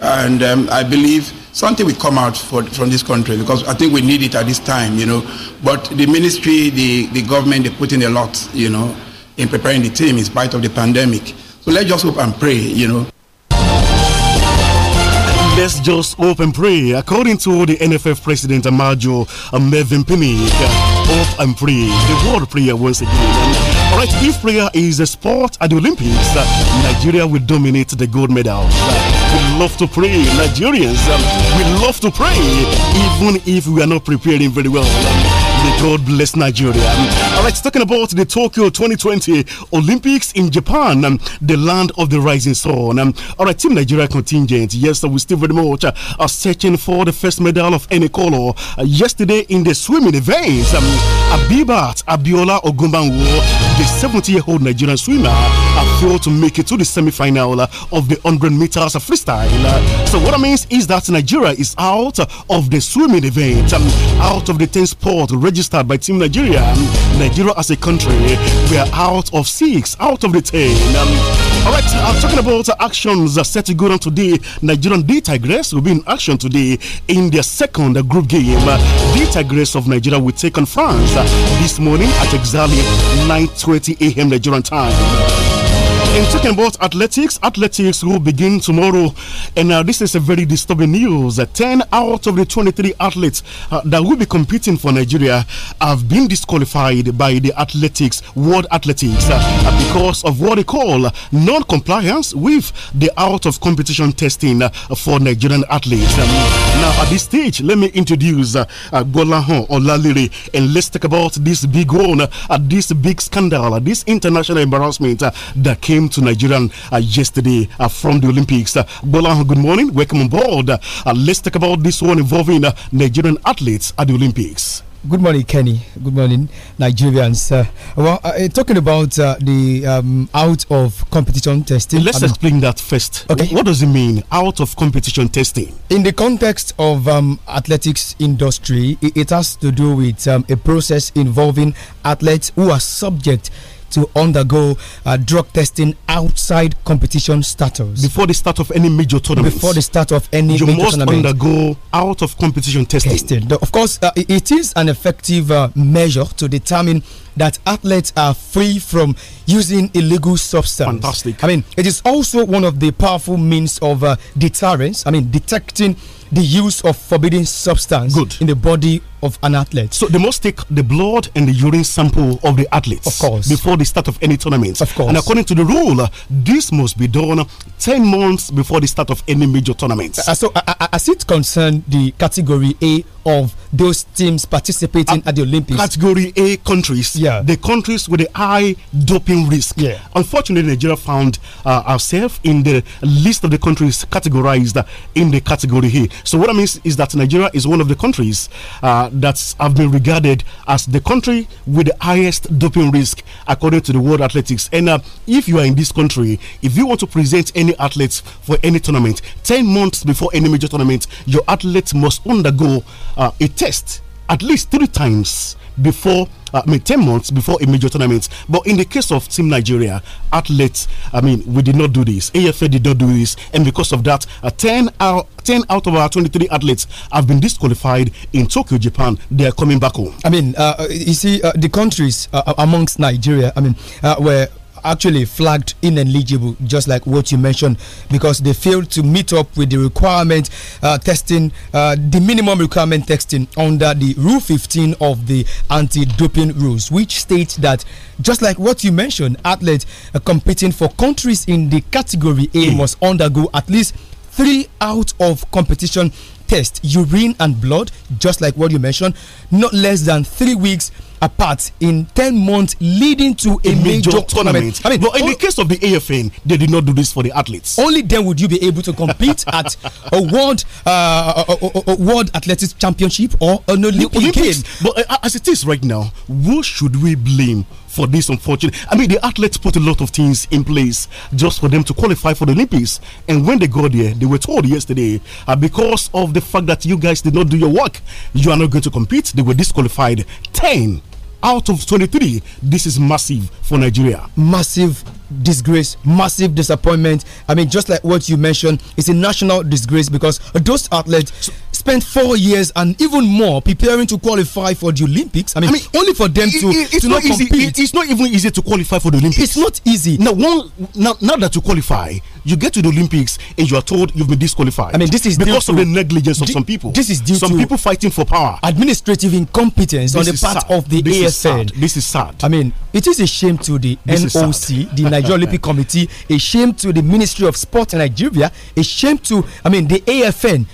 and um, I believe something will come out for, from this country because I think we need it at this time, you know. But the ministry, the, the government, they put in a lot, you know, in preparing the team in spite of the pandemic. So let's just hope and pray, you know. Let's just hope and pray. According to the NFF president, Amajo Mevinpimik, hope and pray. The world prayer once again. All right, if prayer is a sport at the Olympics, Nigeria will dominate the gold medal. we love to pray, Nigerians. we love to pray, even if we are not preparing very well. God bless Nigeria. All right, talking about the Tokyo 2020 Olympics in Japan, um, the land of the rising sun. Um, all right, Team Nigeria contingent. Yes, we still very much uh, are searching for the first medal of any color. Uh, yesterday in the swimming events, um, Abibat Abiola Ogumbanwo, the 70-year-old Nigerian swimmer, uh, failed to make it to the semi-final uh, of the 100 meters freestyle. Uh, so what it means is that Nigeria is out of the swimming event, um, out of the 10 sport registered by Team Nigeria. Nigeria as a country, we are out of six, out of the ten. Um, all right, I'm talking about actions set to go on today. Nigerian D Tigress will be in action today in their second group game. D Tigress of Nigeria will take on France this morning at exactly 9:20 a.m. Nigerian time. In talking about athletics, athletics will begin tomorrow, and uh, this is a very disturbing news. Uh, 10 out of the 23 athletes uh, that will be competing for Nigeria have been disqualified by the athletics, World Athletics, uh, because of what they call non compliance with the out of competition testing uh, for Nigerian athletes. Um, now, at this stage, let me introduce uh, uh, Golahon Olaliri, and let's talk about this big one, uh, this big scandal, uh, this international embarrassment that came came to Nigeria uh, yesterday uh, from the Olympics. Uh, Bola, good morning. Welcome aboard. Uh, let's talk about this one involving Nigerian athletes at the Olympics. Good morning, Kenny. Good morning, Nigerians. Uh, well, uh, talking about uh, the um, out of competition testing. Let's explain that first. Okay. What does it mean, out of competition testing? In the context of um, athletics industry, it, it, has to do with um, a process involving athletes who are subject to undergo uh, drug testing outside competition status. Before the start of any major tournament. Before the start of any you major must tournament. undergo out of competition testing. testing. Of course, uh, it is an effective uh, measure to determine that athletes are free from using illegal substance. Fantastic. I mean, it is also one of the powerful means of uh, deterrence. I mean, detecting the use of forbidden substance Good. in the body of an athlete. So they must take the blood and the urine sample of the athletes of course. before the start of any tournament. Of course. And according to the rule, uh, this must be done 10 months before the start of any major tournament. Uh, so, uh, uh as it concerns the category A of those teams participating at, at the Olympics. Category A countries, yeah. the countries with the high doping risk. Yeah. Unfortunately, Nigeria found uh, ourselves in the list of the countries categorized in the category A. So what I mean is that Nigeria is one of the countries uh, that have been regarded as the country with the highest doping risk according to the World Athletics. And uh, if you are in this country, if you want to present any athletes for any tournament, 10 months before any major tournament, your athlete must undergo uh, a test at least three times before uh, I mean, 10 months before a major tournament. But in the case of Team Nigeria, athletes, I mean, we did not do this. AFA did not do this. And because of that, uh, 10, out, 10 out of our 23 athletes have been disqualified in Tokyo, Japan. They are coming back home. I mean, uh, uh you see, uh, the countries uh, amongst Nigeria, I mean, where actually flagged ineligible, just like what you mentioned, because they failed to meet up with the requirement uh, testing, uh, the minimum requirement testing under the Rule 15 of the anti doping rules, which states that, just like what you mentioned, athletes uh, competing for countries in the category A mm. must undergo at least three out of competition tests, urine and blood, just like what you mentioned, not less than three weeks apart in 10 months leading to a, a major, major tournament. tournament. I mean, but in the case of the AFN, they did not do this for the athletes. Only then would you be able to compete at a world uh, a, a, a, world athletics championship or an Olympic, Olympics. game. But uh, as it is right now, who should we blame for this unfortunate. I mean, the athletes put a lot of things in place just for them to qualify for the Olympics. And when they got there, they were told yesterday uh, because of the fact that you guys did not do your work, you are not going to compete. They were disqualified. 10 out of 23 this is massive for nigeria massive disgrace massive disappointment i mean just like what you mentioned it's a national disgrace because those athletes so spent four years and even more preparing to qualify for the Olympics. I mean, I mean only for them it, to, it, it's to not, not It, it's not even easy to qualify for the Olympics. It's not easy. Now, one, now, now that you qualify, you get to the Olympics and you are told you've been disqualified. I mean, this is because of the negligence of some people. This is due some to people fighting for power, administrative incompetence this on the part sad. of the this ASN. Is this is sad. I mean, it is a shame to the this NOC, the Nigerian Olympic Committee, a shame to the Ministry of Sport in Nigeria, a shame to, I mean, the AFN.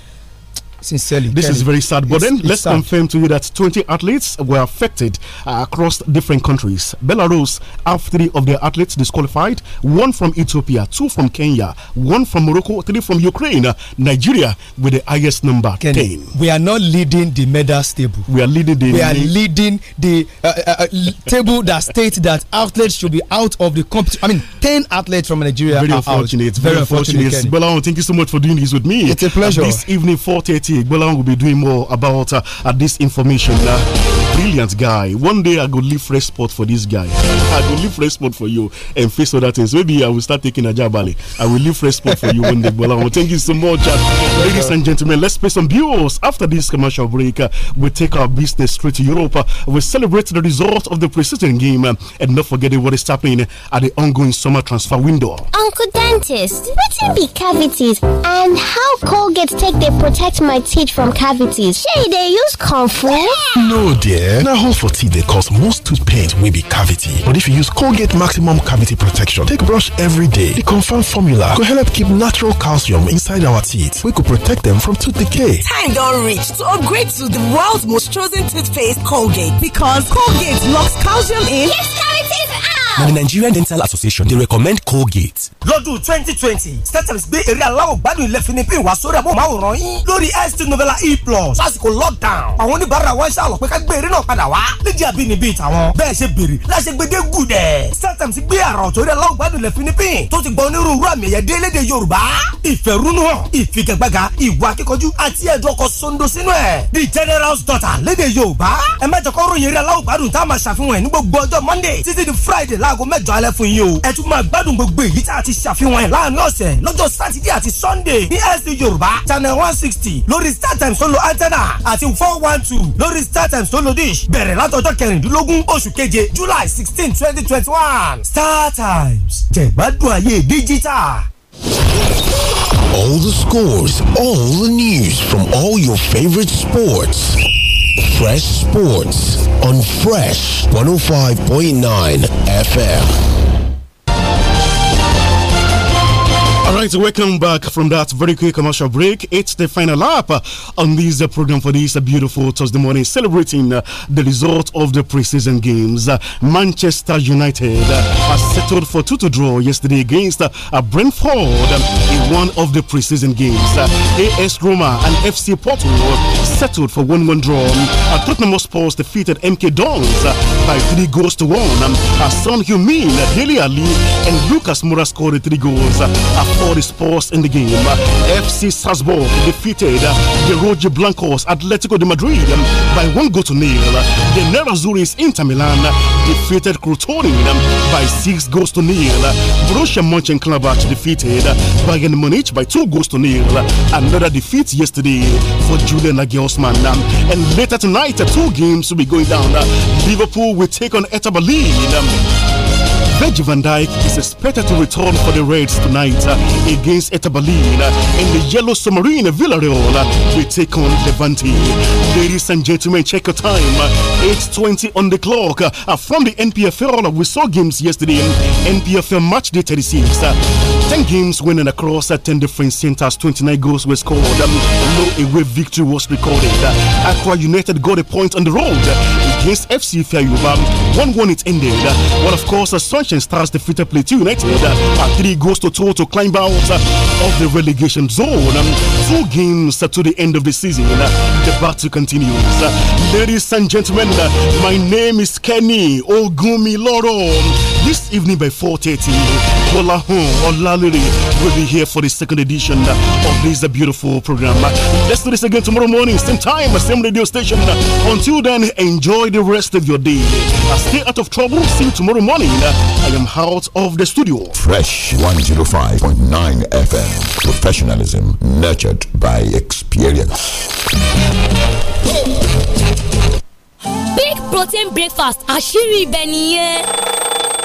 Sincerely, this Kelly, is very sad. But then let's sad. confirm to you that 20 athletes were affected uh, across different countries. Belarus have three of their athletes disqualified: one from Ethiopia, two from Kenya, one from Morocco, three from Ukraine. Uh, Nigeria with the highest number, 10. We are not leading the medals table. We are leading the. We are leading the uh, uh, uh table that states that athletes should be out of the competition. I mean, 10 athletes from Nigeria. Very unfortunate. Very, very unfortunate. unfortunate Bella, thank you so much for doing this with me. It's a pleasure. And this evening, 4:30. Timothy Igbolan will be doing more about uh, this information. Uh, brilliant guy. One day I go leave fresh spot for this guy. I go leave fresh spot for you and face other things. Maybe I will start taking a job, Ali. I will leave fresh spot for you one day, Igbolan. Thank you so much, uh, ladies and gentlemen. Let's pay some bills. After this commercial break, uh, we take our business straight to Europe. Uh, we celebrate the result of the preceding game uh, and not forgetting what is happening at the ongoing summer transfer window. Uncle Dentist, what be cavities and how Colgate take they protect my teeth from cavities shey they use comfort? no dear Now, hole for teeth they cause most tooth pain will be cavity but if you use colgate maximum cavity protection take brush every day the confirmed formula go help keep natural calcium inside our teeth We could protect them from tooth decay time don't reach to upgrade to the world's most chosen toothpaste colgate because colgate locks calcium in yes cavities out na the Nigerian Dental Association dey recommend Colgate. lọ́dún twenty twenty startimes gbé eré aláwọ̀ gbádùn ilẹ̀ finipin wá sórí amóhùnmáwòrán yín lórí st novella e plus lásìkò lockdown àwọn oníbàárà wa ń ṣàlọ̀ pé ká gbé eré náà padà wá nídìí àbínibí ìtàwọn bẹ́ẹ̀ ṣe béèrè láṣẹ gbẹdẹ gùdẹ̀ startimes gbé àrà ọ̀tọ̀ eré aláwọ̀ gbádùn ilẹ̀ finipin tó ti gba onírúurú àmì ẹ̀yẹ dé léde Yorùbá ìfẹ̀rúnúhàn ìfigagbága ìwà akíkanjú àti ẹ̀dùn ọkọ̀ sondo sínú ẹ̀ the general's daughter léde Yorùbá ẹ má jẹ́ kó ròyìn eré aláwọ̀ gbádùn tá a máa ṣàfihàn ẹ̀ ní gbogbo ọjọ́ Monday títí di Friday láago mẹ́jọ alẹ́ fún yín o ẹ tún máa gbádùn gbogbo èyí tá a ti ṣàfihàn ẹ̀ láàrin ọ̀sẹ̀ lọ́jọ́ sátidé àti sunday ní ST yorùbá channel one sixty lórí startimes tó lo antenna àti four one two lórí startimes tó lo dish bẹ̀rẹ̀ látọjọ́ kẹrìndínlógún oṣù keje july sixteen twenty twenty one startimes jẹ̀gbádùn ayé digital. All the scores, all the news from all your favorite sports. Fresh Sports on Fresh 105.9 FM. All right, welcome back from that very quick commercial break. It's the final lap on this uh, program for this uh, beautiful Thursday morning, celebrating uh, the result of the preseason games. Manchester United has settled for 2 to draw yesterday against uh, Brentford in one of the preseason games. AS Roma and FC Porto settled for 1 1 draw. Uh, Tottenham Sports defeated MK Dons uh, by 3 goals to 1. Um, uh, Son Heung-min, Ali, and Lucas Moura scored 3 goals uh, for the Spurs in the game. FC Strasbourg defeated the Roger Blancos Atletico de Madrid um, by 1 goal to nil. The Nerazzurri's Inter Milan defeated Crotone um, by 6 goals to nil. Borussia Mönchengladbach defeated Bayern Munich by 2 goals to nil. Another defeat yesterday for Julian Nagelsmann. Um, and later tonight, uh, two games will be going down. Uh, Liverpool will take on Etabali. Um, Virgil van Dyke is expected to return for the Reds tonight uh, against Etabalin and uh, the Yellow Submarine Villarreal will uh, take on Levante. Ladies and gentlemen, check your time. 8.20 on the clock. from the NPFL, we saw games yesterday. NPFL match day 36. 10 games winning across 10 different centers, 29 goals were scored. Um, no away victory was recorded. Aqua United got a point on the road against FC Fairview, 1 1 it ended. Well, of course, uh, Sunshine Stars defeated Plateau United uh, three goals to two to climb out uh, of the relegation zone. Um, two games uh, to the end of the season. Uh, the battle continues. ladies and gentlemen, my name is Kenny Ogumiloro. This evening by 4.30, Olahun Olaliri will be here for the second edition of this beautiful program. Let's do this again tomorrow morning, same time, same radio station. Until then, enjoy the rest of your day. Uh, stay out of trouble. See you tomorrow morning. I am out of the studio. Fresh 105.9 FM. Professionalism nurtured by experience. Big protein breakfast. Àṣírí ibẹ̀ nìyẹn.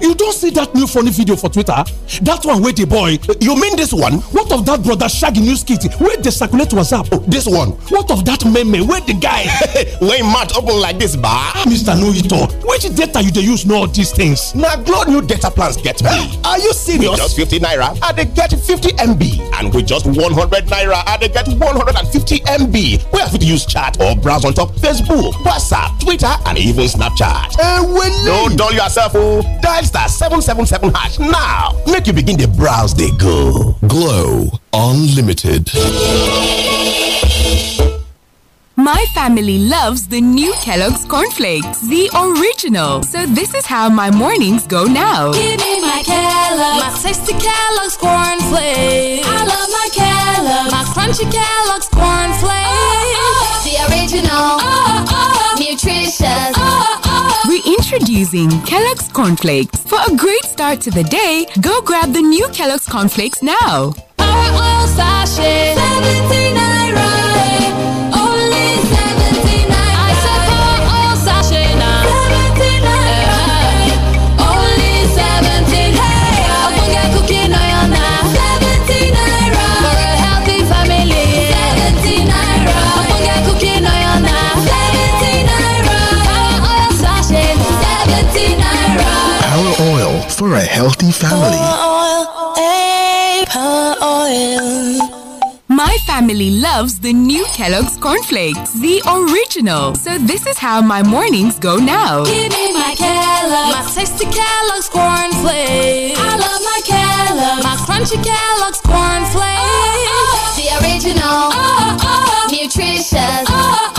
You don't see that new funny video for Twitter? That one with the boy. You mean this one? What of that brother Shaggy News Kitty? Where the circulate WhatsApp? Oh, this one. What of that meme? Where the guy? Where mouth open like this, ba? Ah, Mr. No It Which data you they use know all these things? Now, Glow new data plans get me. Are you serious? With just 50 naira, I they get 50 MB. And with just 100 naira, I they get 150 MB. Where have to use chat or browse on top Facebook, WhatsApp, Twitter, and even Snapchat. Uh, well, Don't dull yourself, oh. Dial star 777 hash now make you begin the browse they go. Glow Unlimited. My family loves the new Kellogg's cornflakes, the original. So this is how my mornings go now. Give me my Kellogg's, my tasty Kellogg's cornflakes. I love my Kellogg's, my crunchy Kellogg's cornflakes. Oh, oh, oh. the original, oh, oh, nutritious. Oh, oh. Reintroducing Kellogg's Cornflakes. For a great start to the day, go grab the new Kellogg's Cornflakes now. Our oil sachet, 79. for a healthy family. Eh, my family loves the new Kellogg's cornflakes, the original. So this is how my mornings go now. Give me my Kellogg's, my tasty Kellogg's cornflakes. I love my Kellogg's, my crunchy Kellogg's cornflakes. Oh, oh. The original, oh, oh. nutritious. Oh,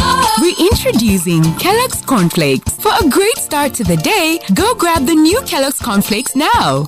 Reintroducing Kellogg's Cornflakes. For a great start to the day, go grab the new Kellogg's Cornflakes now.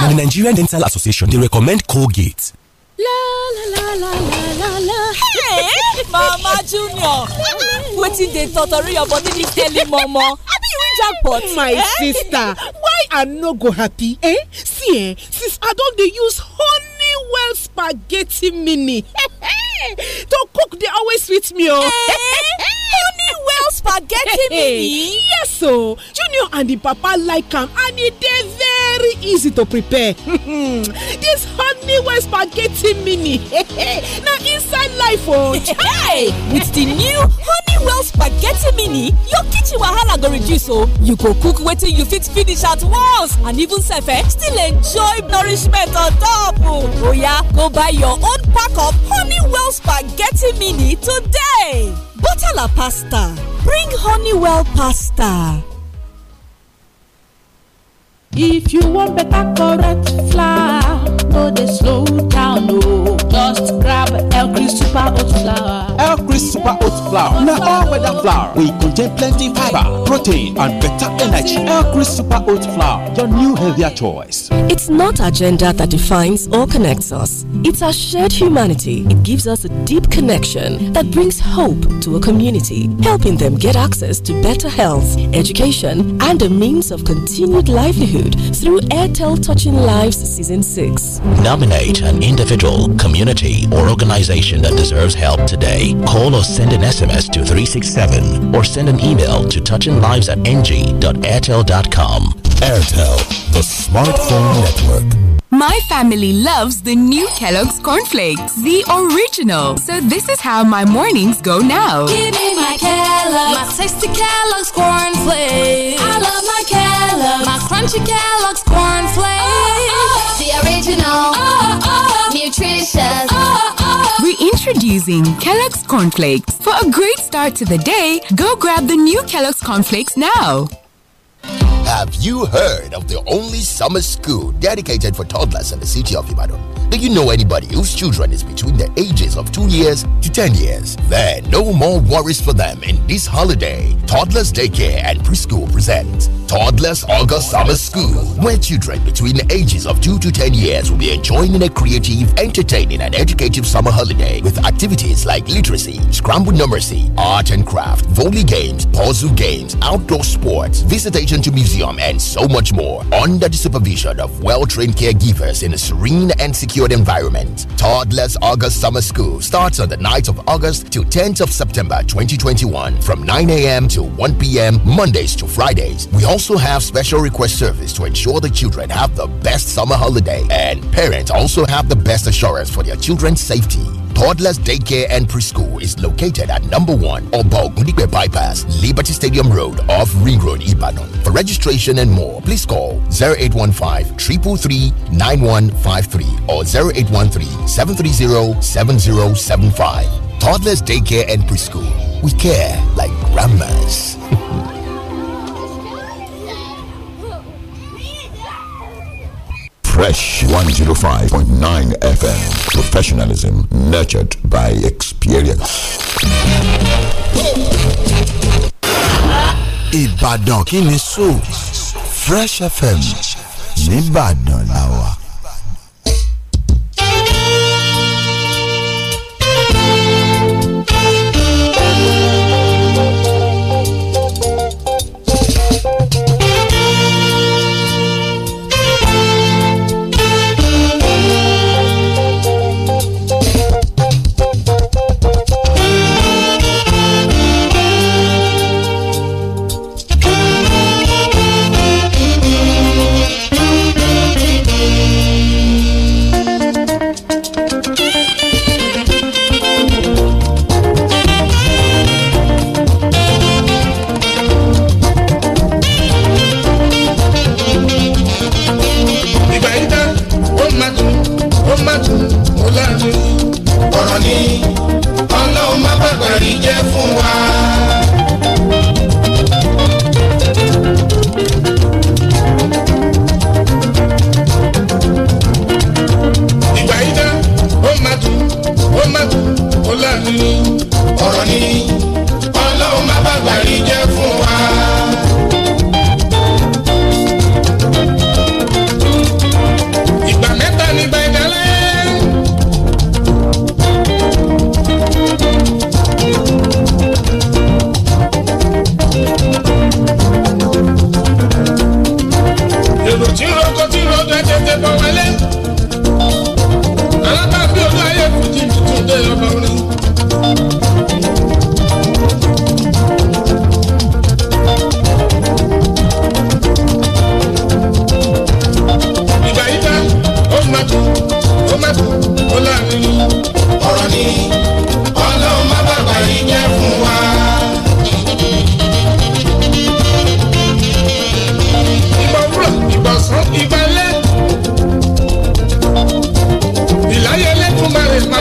Now, the Nigerian Dental Association, they recommend Colgate. La, la, la, la la la. hey, mama junior wetin dey totori your body dis daily momo abi you jackpot. Oh, my eh? sister why i no go happy eh see eh since i don't dey use honeywell spaghetti mini to cook They always sweet me oh. Eh? spaghetti mini. yes so junior and the papa like am and they're very easy to prepare. this honey well spaghetti mini Now, inside life o. Oh. with the new honey well spaghetti mini your kitchen wahala go reduce So oh. you go cook till you fit finish at once and even sefe eh, still enjoy nourishment on top Oh yeah, go buy your own pack of honey well spaghetti mini today. Butala pasta. Bring Honeywell pasta. If you want better correct flour no slow down no oh. just grab super super oat flour all weather flour contain plenty fibre protein and better energy super oat flour your new healthier choice it's not agenda that defines or connects us it's our shared humanity it gives us a deep connection that brings hope to a community helping them get access to better health education and a means of continued livelihood through airtel touching lives season 6 politics. Nominate an individual, community, or organization that deserves help today. Call or send an SMS to 367 or send an email to touchinglives at ng.airtel.com. Airtel, the smartphone network. My family loves the new Kellogg's cornflakes, the original. So this is how my mornings go now. Give me my Kellogg's, my tasty Kellogg's cornflakes. I love my Kellogg's, my crunchy Kellogg's cornflakes. Oh original. Oh, oh. Nutritious. Oh, oh. Reintroducing Kellogg's Cornflakes. For a great start to the day, go grab the new Kellogg's Cornflakes now. Have you heard of the only summer school dedicated for toddlers in the city of Ibadan? Do you know anybody whose children is between the ages of 2 years to 10 years? There no more worries for them in this holiday. Toddlers Daycare and Preschool presents Toddlers August Summer School, where children between the ages of 2 to 10 years will be enjoying a creative, entertaining, and educative summer holiday with activities like literacy, scrambled numeracy, art and craft, volley games, puzzle games, outdoor sports, visitation to museums and so much more under the supervision of well trained caregivers in a serene and secured environment. Toddlers August Summer School starts on the night of August to 10th of September 2021 from 9 a.m. to 1 p.m. Mondays to Fridays. We also have special request service to ensure the children have the best summer holiday and parents also have the best assurance for their children's safety. Toddlers Daycare and Preschool is located at number 1 Obaogundigbe Bypass, Liberty Stadium Road off Ring Road, Ibadan. For registration and more, please call 0815 333 9153 or 0813 730 7075. Toddlers Daycare and Preschool. We care like grandmas. Fresh 105.9 FM. Professionalism nurtured by experience. Ìbàdàn kí ni so Fresh FM nìbàdàn làwà. fún wa. ìgbà yìí dá ó máa dùn ó máa dùn ó láàánú ọ̀rọ̀ ni.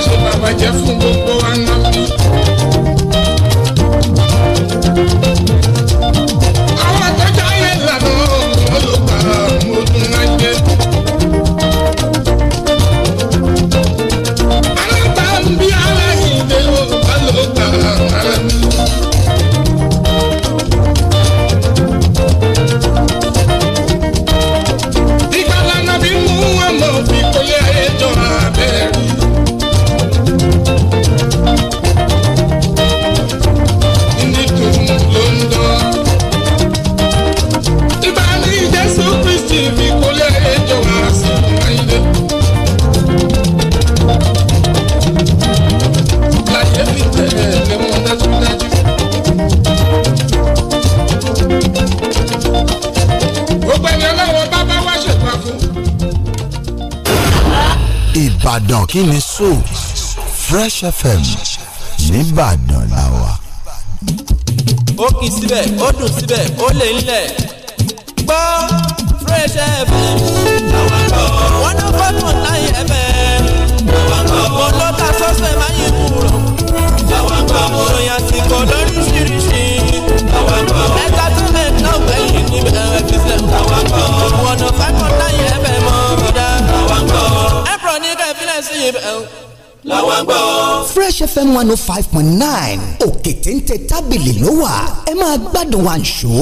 Mas o papai de afundou kí so Fresh FM nìbàdàn la wà. ó kì í síbẹ̀ ó dùn síbẹ̀ ó lè ń lẹ̀ gbọ́ Fresh FM làwọn kọ́ oh wọn náà fọ́tún láyé ẹ̀fẹ̀ làwọn kọ́ mo ló ta sọ́sẹ̀ máa yẹ kúrò làwọn kọ́ mo ròyìn àsìkò lóríṣiríṣi làwọn kọ́ mẹ́ta tún lè náà gbẹ̀yìn níbẹ̀ ẹ̀ fi sẹ́ làwọn kọ́ wọn náà fẹ́. làwọn gbọ́. fresh fm one oh five point nine òkè téńté tábìlì ló wà ẹ máa gbádùn àǹṣó.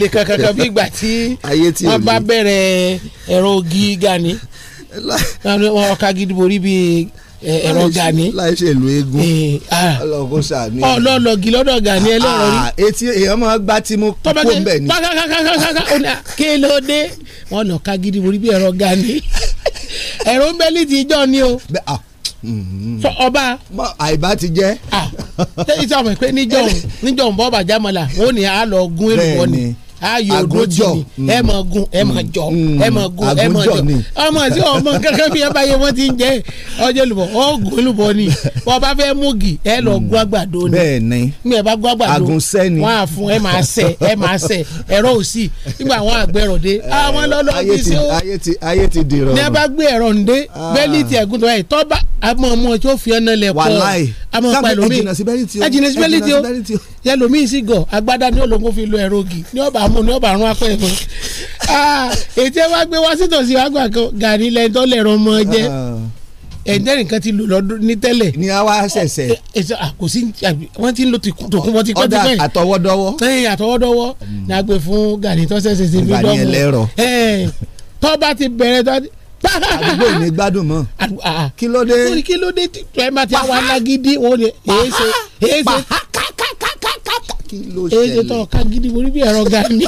le kankan bí ìgbà tí wọ́n bá bẹ̀rẹ̀ ẹ̀rọ ogi gani ọkà gidi borí bíi ẹ̀rọ gani. láìsè lu eégún ọlọ́kùn sàmì. ọlọ́lọ́gì lọ́dọ̀ gani ẹlẹ́rọ rí. etí èèyàn máa gbá tí mo kó mbẹ̀ ni. kí ló dé wọn lọ ká gidi borí bí ẹ̀rọ gani ẹ̀rọ ń bẹ lídìí ìjọ ni o mhm. sọ ọba. àìbá ti jẹ́. ṣé ìṣàmùpé níjọ́ níjọ́ ń bọ́ bàjẹ́ mọ́lá wọn ò ní àá lọ gún èrò wọn ni ayò òdòjì ni mm. ẹ mọ̀ gun ẹ mọ̀ mm. jọ mm. ẹ mọ̀ gun ẹ mọ̀ jọ ọmọ sí ọmọ kankan bí ẹ bá yẹ wọ́n ti ń jẹ ọjọ́ olùbọ̀ ọ̀gùn olùbọ̀ ni wọ́n bá fẹ́ múgi ẹ lọ gun àgbàdo ni bẹ́ẹ̀ ni mi ẹ bá gun àgbàdo wọ́n á fún ẹ máa sẹ ẹ máa sẹ ẹ̀rọ òsì nígbà wọn àgbẹ̀rọ̀ dé àwọn lọ́lọ́ bí sí o ayé ti dìrọ̀ ní ẹ bá gbé ẹ̀rọ ǹdé ah. bẹ́ẹ̀ ní ti ẹ̀gúntàn ẹ̀ tọ́ bá àmọ́ ọmọ tí ó fi ọ àmọ́ ọ̀pá ẹlòmíì ẹ jìnnà síbẹ̀lì tí ó ẹlòmíì sì gọ̀ agbádá ní olóńgbò fi lo ẹ̀rọ ògì ní ọ̀bà mú ní ọ̀bà rún apẹ̀ ẹ̀fọn ah, ètí ẹ wá gbé wá sítòsí wá gbà kan gàrí lẹ́yìn tó lẹ̀rọ ọmọ jẹ́ ah. ẹ̀jẹ̀ nìkan ti lò lọ́dún ní tẹ́lẹ̀. ni a wá ṣẹ̀ṣẹ̀. kò sí wọ́n ti ń lo tòkun wọ́n ti kọ́ ti fẹ́. ọ̀dà àtọwọ́dọ́wọ́. ẹ̀yìn àtọwọ́dọ́wọ́ hmm. ni a gbé fún gàrí tó ṣẹ̀ṣẹ̀ sí àdúgbò ní gbádùn mọ́ kí ló dé. kí ló dé ẹ máa ti wá lágídí wọn ni èyí ṣe kí ló ṣẹlẹ̀ èyí ṣe ká gidi mo rí bí ẹ̀rọ ga ni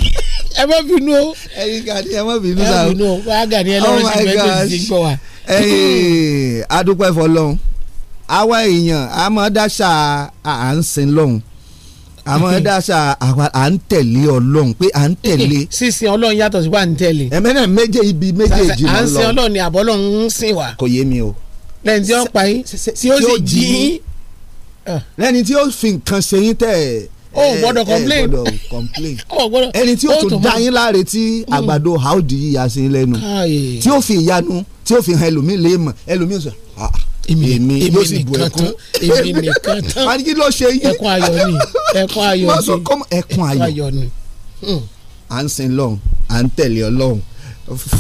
ẹ má bínú o. ẹyin gani ẹ má bínú sáà ẹ má bínú o wá gani ẹ lọ́rùn oh sí bẹ́ẹ̀ ti gbọ́ wa. adúpẹ́ fọlọ́run àwa èèyàn a dáṣà à ń sin lọ́hùn àmọ́ dáṣà à ń tẹ̀lé ọlọ́run pé à ń tẹ̀lé. sísìn ọlọ́run yàtọ̀ sí wà ń tẹ̀lé. ẹ̀mẹ́ náà méje ibi méjèèjì lọ́lọ́. à ń sin ọlọ́run ni àbọ̀ ọlọ́run ń sìn wá. kò yé mi o. lẹ́yìn tí ó pa yín tí ó sì jí yín. Ah. lẹ́ni tí ó fi nǹkan ṣe yín tẹ̀. o gbọ́dọ̀ complain. o gbọ́dọ̀ complain. ẹni tí ó tún dá yín láre tí mm. àgbàdo àódì yíyá sí lẹ́nu tí ó fi ìyanu tí ó fi hàn ẹlòmíì lè mọ̀ ẹlòmíì sọ ah, èmi nìkan tán èmi nìkan tán ẹkún ayọ̀ ni ẹkún ayọ̀ ni ẹkún ayọ̀ ni. Hmm. à ń sin lọ́hùn à ń tẹ̀lé ọlọ́hùn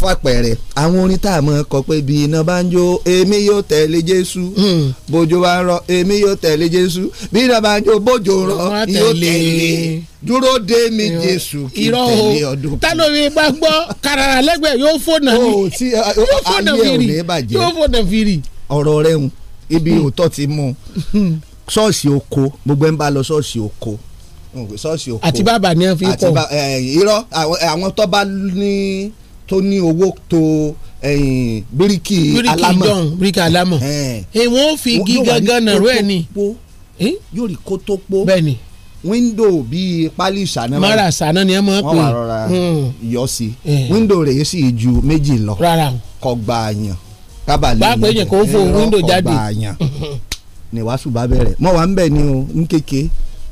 fàpẹẹrẹ àwọn orin tá a mọ̀ kọ pé bí iná bá ń jó èmi yóò tẹ̀lé jésù hmm. bójò bá ń rọ èmi yóò tẹ̀lé jésù bí iná bá ń jó bójò rọ yóò tẹ̀lé dúró dé mi jésù kí tẹ̀lé ọdún kan. tálórí bá gbọ́ kàràrà yóò fònà mi yóò fònà fìrì yóò fònà fìrì ọ̀rọ̀ rẹ̀ hùn ibi òótọ́ ti mú ṣọ́ọ̀ṣì oko gbogbo ẹ̀ ń bá lọ ṣọ́ọ̀ṣì oko ṣọ́ọ̀ṣì oko àti bàbá ni ẹ fi kọ́ irọ́ àwọn tó bá ní tó ní owó tó bíríkì alámọ̀ bíríkì alámọ̀ wọ́n ó fi igi gangan nàró ẹ̀ ni yóò rí kótó pó bẹ́ẹ̀ windo bíi pálí ìṣáná mara ìṣáná ni ẹ mọ̀ pé wọ́n wà rọra hmm. yọ sí windo rẹ̀ yìí sì ju méjì lọ kọgbà yàn kábàlì bá pé yẹn kó fò wíńdò jáde ní wàásù bá bẹ̀rẹ̀ mọ́ wa ń bẹ̀ ni o ń kéke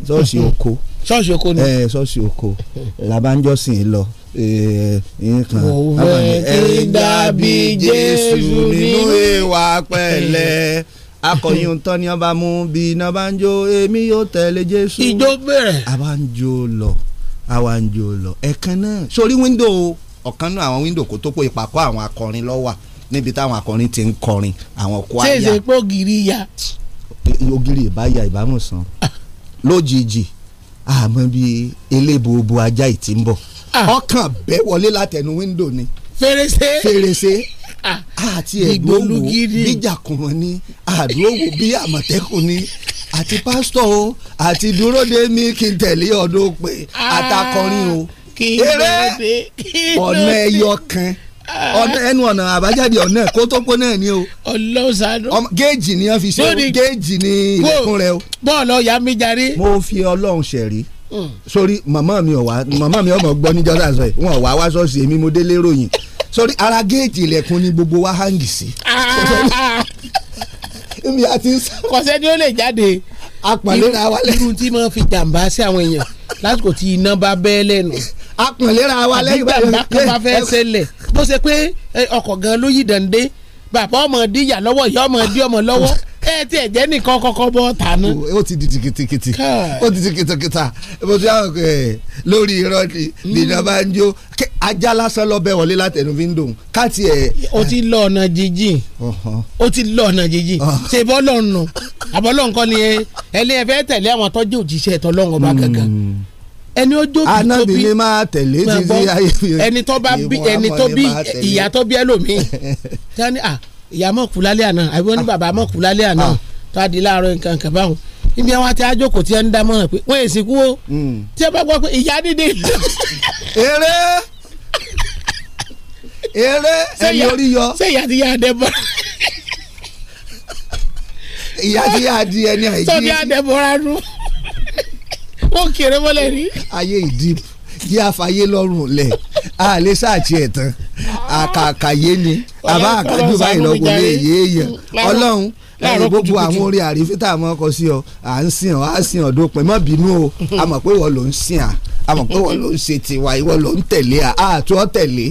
ṣọ́ọ̀ṣì oko ṣọ́ọ̀ṣì oko ni ẹ ṣọ́ọ̀ṣì oko làbájọ́sìn lọ nǹkan ẹ̀ẹ́dì dàbí Jésù nínú ìwà pẹ̀lẹ́ akọ̀yìn ntọ́ ni ọba mú bí na bá ń jó èmi yóò tẹ̀lé Jésù ìjó bẹ̀rẹ̀ àwa ń jó lọ àwa ń jó lọ ẹ̀kan náà sórí wíńdò ọ̀kan náà àwọn wíńdò kó tó pé ìpàkọ́ àwọn akọrin lọ́wọ́ níbi táwọn akọrin ti ń kọrin àwọn kwaya. ṣé èsè pé ògiri ya. ògiri ìbáyà ìbámu san lójijì àmọ́ bí eléèbòbò ajá ìtì ń bọ̀ ah. ọkàn bẹ́ wọlé látẹnu wíńdò ni. fèrèsé fèrèsé ah. àti ẹ̀gbọ́n wo bíjàkùnrin ni àdúró wo bí àmọ̀tẹ́kùn ni àti pásítọ̀ o àti dúró de mi kí n tẹ̀lé ọdún pé àtàkọrin ah. o eré ọ̀nà ẹyọ kan Ah. ọ̀nà ẹnu ọ̀nà àbájáde ọ̀nà kó tó pọ̀ náà ni o. ọlọ́sàdó. géèjì ni wọ́n fi ṣe o géèjì ni ilẹ̀kùn rẹ o. bọ́ọ̀lù ọ̀yà mi jarí. mo fi ọlọ́run ṣẹ̀rí hmm. sórí màmá mi ọ̀wá màmá mi ọmọ gbọ́ níjọ́ sàṣọ ẹ̀ wọn ọ̀wá wá ṣọ́ọ̀ṣì èmi mo délé ròyìn sórí ara géèjì ilẹ̀kùn ni gbogbo wa hangi sí. Ah. mi a ti sọ. kọ̀sẹ́ ni ó lè jáde. apàlẹ́ ra wa irun tí mo fi jàǹbá sí àwọn èèyàn lásìkò tí iná bá bẹ́ lẹ́nu akùnlera wa lẹ́yìn báyìí. àbí gbàgbà kan bá fẹ́ ṣẹlẹ̀ bó ṣe pé ọkọ̀ gan ló yí dànde bàbá ọmọ díyà lọ́wọ́ ìyá ọmọ dí ọmọ lọ́wọ́ ẹ tiẹ̀ jẹ́ nìkan kọ́kọ́ bọ́ tànú. ó ti di tìkìtìkìtì ó ti di kìtìkìtà mo ti àwọn lórí irọ́ ni nìjọba mm. ń jó ajá lásán lọ bẹ wọlé látẹnu fíndò káàtì ẹ. o ti lọ ọ̀nà jíjìn o ti lọ ọ̀nà jíjìn ṣe bọ́ lọ́nà àbọ̀lọ́ nǹkan ni ẹ ẹ ní ẹ fẹ́ tẹ̀lé àwọn tọ́jú òjíṣẹ́ tọ́lọ́run ẹni ó jó bí tó bí anábì ni máa tẹ̀lé ti fi ayé fi ẹni tó bá bí ẹni tó bí ìyá tó bí ẹlòmíì tí wọ́n ní à ìyá mọ̀ kú lálẹ́ àná àbí wọ́n ní bàbá mọ̀ kú lálẹ́ àná ah. tó a di láàárọ̀ nǹkan nǹkan báwọn ibi àwọn àti àjòkò tí ẹ ń dámọ̀ràn pé wọ́n èsì kú o hmm. tí ẹ bá gbọ́ pé ìyá dídì. eré eré ẹni orí yọ ṣé ìyá ti yá adé bọ́ ìyá ti yá adé ẹni àìjí. sọ ni adé bọ́ra nù ó kéré mọ́lẹ̀ rí. ayé ìdìbò yí àfàyè lọ́rùn lẹ̀ a lè ṣáàtì ẹ̀ tán àkàkàyé ni àbá àkájú báyìí lọ́gùn lè yé èèyàn ọlọ́run láàárọ̀ kùtùkùtù gbogbo àwọn orin àrífín tá a mọ̀ ọkọ sí ọ à ń sìn ọ à ń sìn ọ dópin mọ́ bínú o a mọ̀ pé wọ́n ló ń sìn à a mọ̀ pé wọ́n ló ń ṣe tiwa ìwọ ló ń tẹ̀lé à á tó ọ tẹ̀lé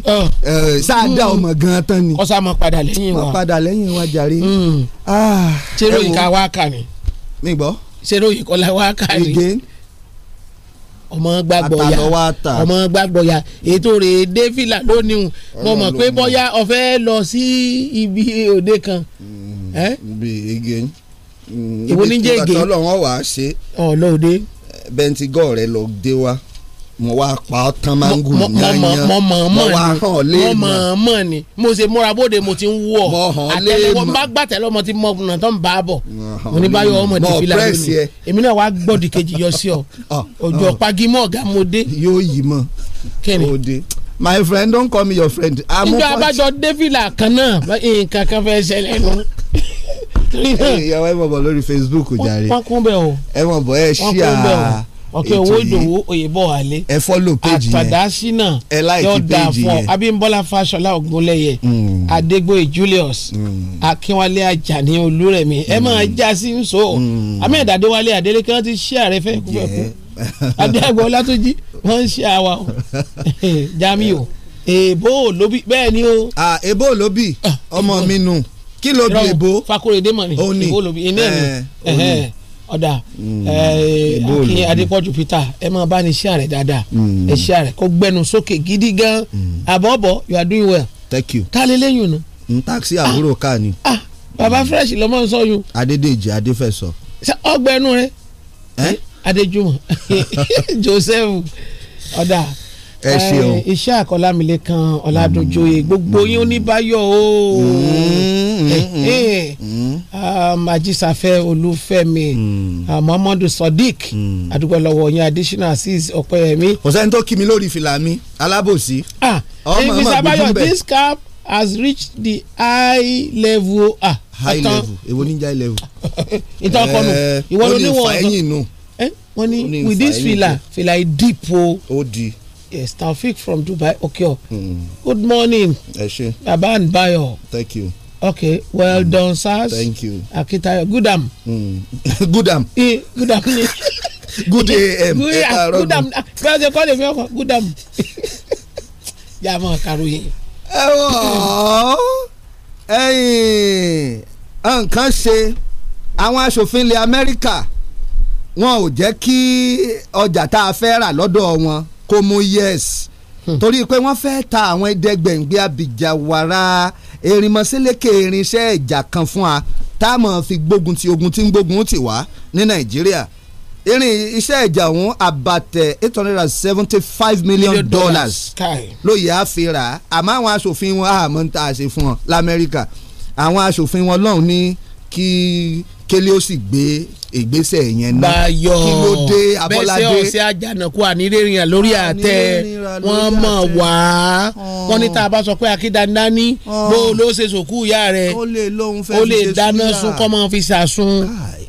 sáadá hmm. ọmọ gan tán ni. ọsàn mọ padà lẹ́yìn wa mọ padà lẹ́yìn wa jàre. Hmm. Ah, ṣé ròyìn ká wá kà ní. mi gbọ́. ṣé ròyìn kọ́lá wá kà ní. again ọmọ gbàgbọ́ ya ọmọ gbàgbọ́ ya ètò rẹ̀ dé fìlà lónìí mo mọ̀ pé bóyá o lọ sí ibi òde kan. Mm. ibi ege ìwọ ní jẹ́ ege ibi tí ọlọ́run wà á ṣe. ọlọ́ọ̀dẹ. bẹntigọ́ rẹ lọ dé wa mo wá pa ọ tán mango yanyan mo wá hàn lé mọ mo mọ mọ ni mo ṣe múra bóde mo ti ń wọ àtẹlẹwọ bá gbàtẹlọ mo ti mọ ọkùnrin tó ń bá a bọ mo ní báyọ̀ ọmọ ti fi làwọn ènìyàn èmi náà wá gbọ́dì kejì yọ sí ọ ọjọ́ ah, ah. pagimọ ọ̀gá mo dé. yóò yí mọ o dé my friend don call me your friend. Ah, ìjọ abájọ dẹ́fìlà kan náà nǹkan kan fẹ́ ṣẹlẹ̀ nù ìyàwó ẹ mọ̀ bọ̀ lórí Facebook jàre. wọ́n mọ̀ bọ́ ẹ ṣí ọ̀pẹ owó ìdòwò òyìnbó àlẹ́ ẹ follow page yẹn àtàdásínà ẹ like page yẹn abímbọ́lá fáṣọlá ògúnlẹ̀yẹ mm. adégbòye julius mm. akínwálé ajani olúrẹ̀mí ẹ máa mm. já sí nso ahmed adéwálé adélékè wọn ti ṣí ààrẹ fẹ́ kúfẹ́kú adéàgbọ̀ ọlátúnjí wọ́n ń ṣe àwa o jamiu èèbó lóbi bẹ́ẹ̀ ni o. èèbó lóbi ah, ọmọ mi nù kí ló èèbó. fakorede mọ̀ ni èèbó lóbi iná mi ọ̀dà mm. akin adépọ̀jù peter ẹ máa bá ní iṣẹ́ rẹ̀ dáadáa iṣẹ́ mm. rẹ̀ kó gbẹnu sókè gidi gan mm. àbọ̀bọ̀ you are doing well. thank you. ta lè lẹ́yìn nu. n táàsì àbúrò ká ni. ah, ah baba fresh ló máa ń sọ yun. adédèjì adéfẹsọ. ọgbẹnu rẹ adéjúmọ joseph ọ̀dà ẹ ṣeun iṣẹ́ àkọlámilékan ọ̀làdúnjọyè gbogbo yín oníbáyọ̀ o mm-hmm. Eh, mm-hmm. Eh. Mm-hmm. Ah, ajísafẹ́ olúfẹ́mi muhammadu ah, sadiq àdúgbò mm. lọ́wọ́ yín additional aziz ọ̀pẹ́yẹmí. tó kí mi lórí fìlà mi alábòsí. ah mr eh, bayo this cap has reached the high level. ah high level èwo ní high level. ìtàn ọkọ ìwọ ló ní wọn. ó lè fà ẹ̀yìn nù. wọ́n ní with this fìlà fìlà yìí deep o. ó di. Oh, yes taofik from dubai okio mm. good morning ẹ ṣe baba and bayo thank you okay well mm. done sars thank you akitayo goodam mm. goodam e goodam ni good am ẹ káàárọ̀ goodam bí ah, wọ́n ṣe kọ́ lèmi ọkọ̀ goodam yà á mọ̀ kàròyìn. ẹ wọ ẹyìn nǹkan ṣe àwọn aṣòfin ilẹ̀ amẹ́ríkà wọn ò jẹ́ kí ọjà tá a fẹ́ rà lọ́dọ̀ wọn kò mú yes hmm. torí pé wọ́n fẹ́ ta àwọn ẹ̀ẹ́dẹ́gbẹ̀ngbẹ́ àbíjà wàrà erinmọ́sẹ́lẹ̀kẹ̀ irinṣẹ́ ìjà kan fún wa táàmù fi gbógun ti ogun tí ń gbógun ti wá ní nàìjíríà irin iṣẹ́ ìjà ọ̀hún àbàtẹ̀ eight hundred and seventy five million dollars lóye àfihàn àmọ́ àwọn aṣòfin wọn àmọ́ ń ta àṣẹ fún wọn lamẹ́ríkà àwọn aṣòfin wọn lọ́hùn ní kí kélé ó sì gbé ìgbésẹ̀ yẹn náà báyọ̀ kí ló dé abọ́ládé bẹ́sẹ̀ ọ̀sẹ̀ àjànàkú ànírèrìyàn lórí wá wọ́n ní tá a bá sọ pé akíndandání bó ló ṣe sòkú ìyá rẹ̀ ó lè dáná sun kọ́ fi ṣàsun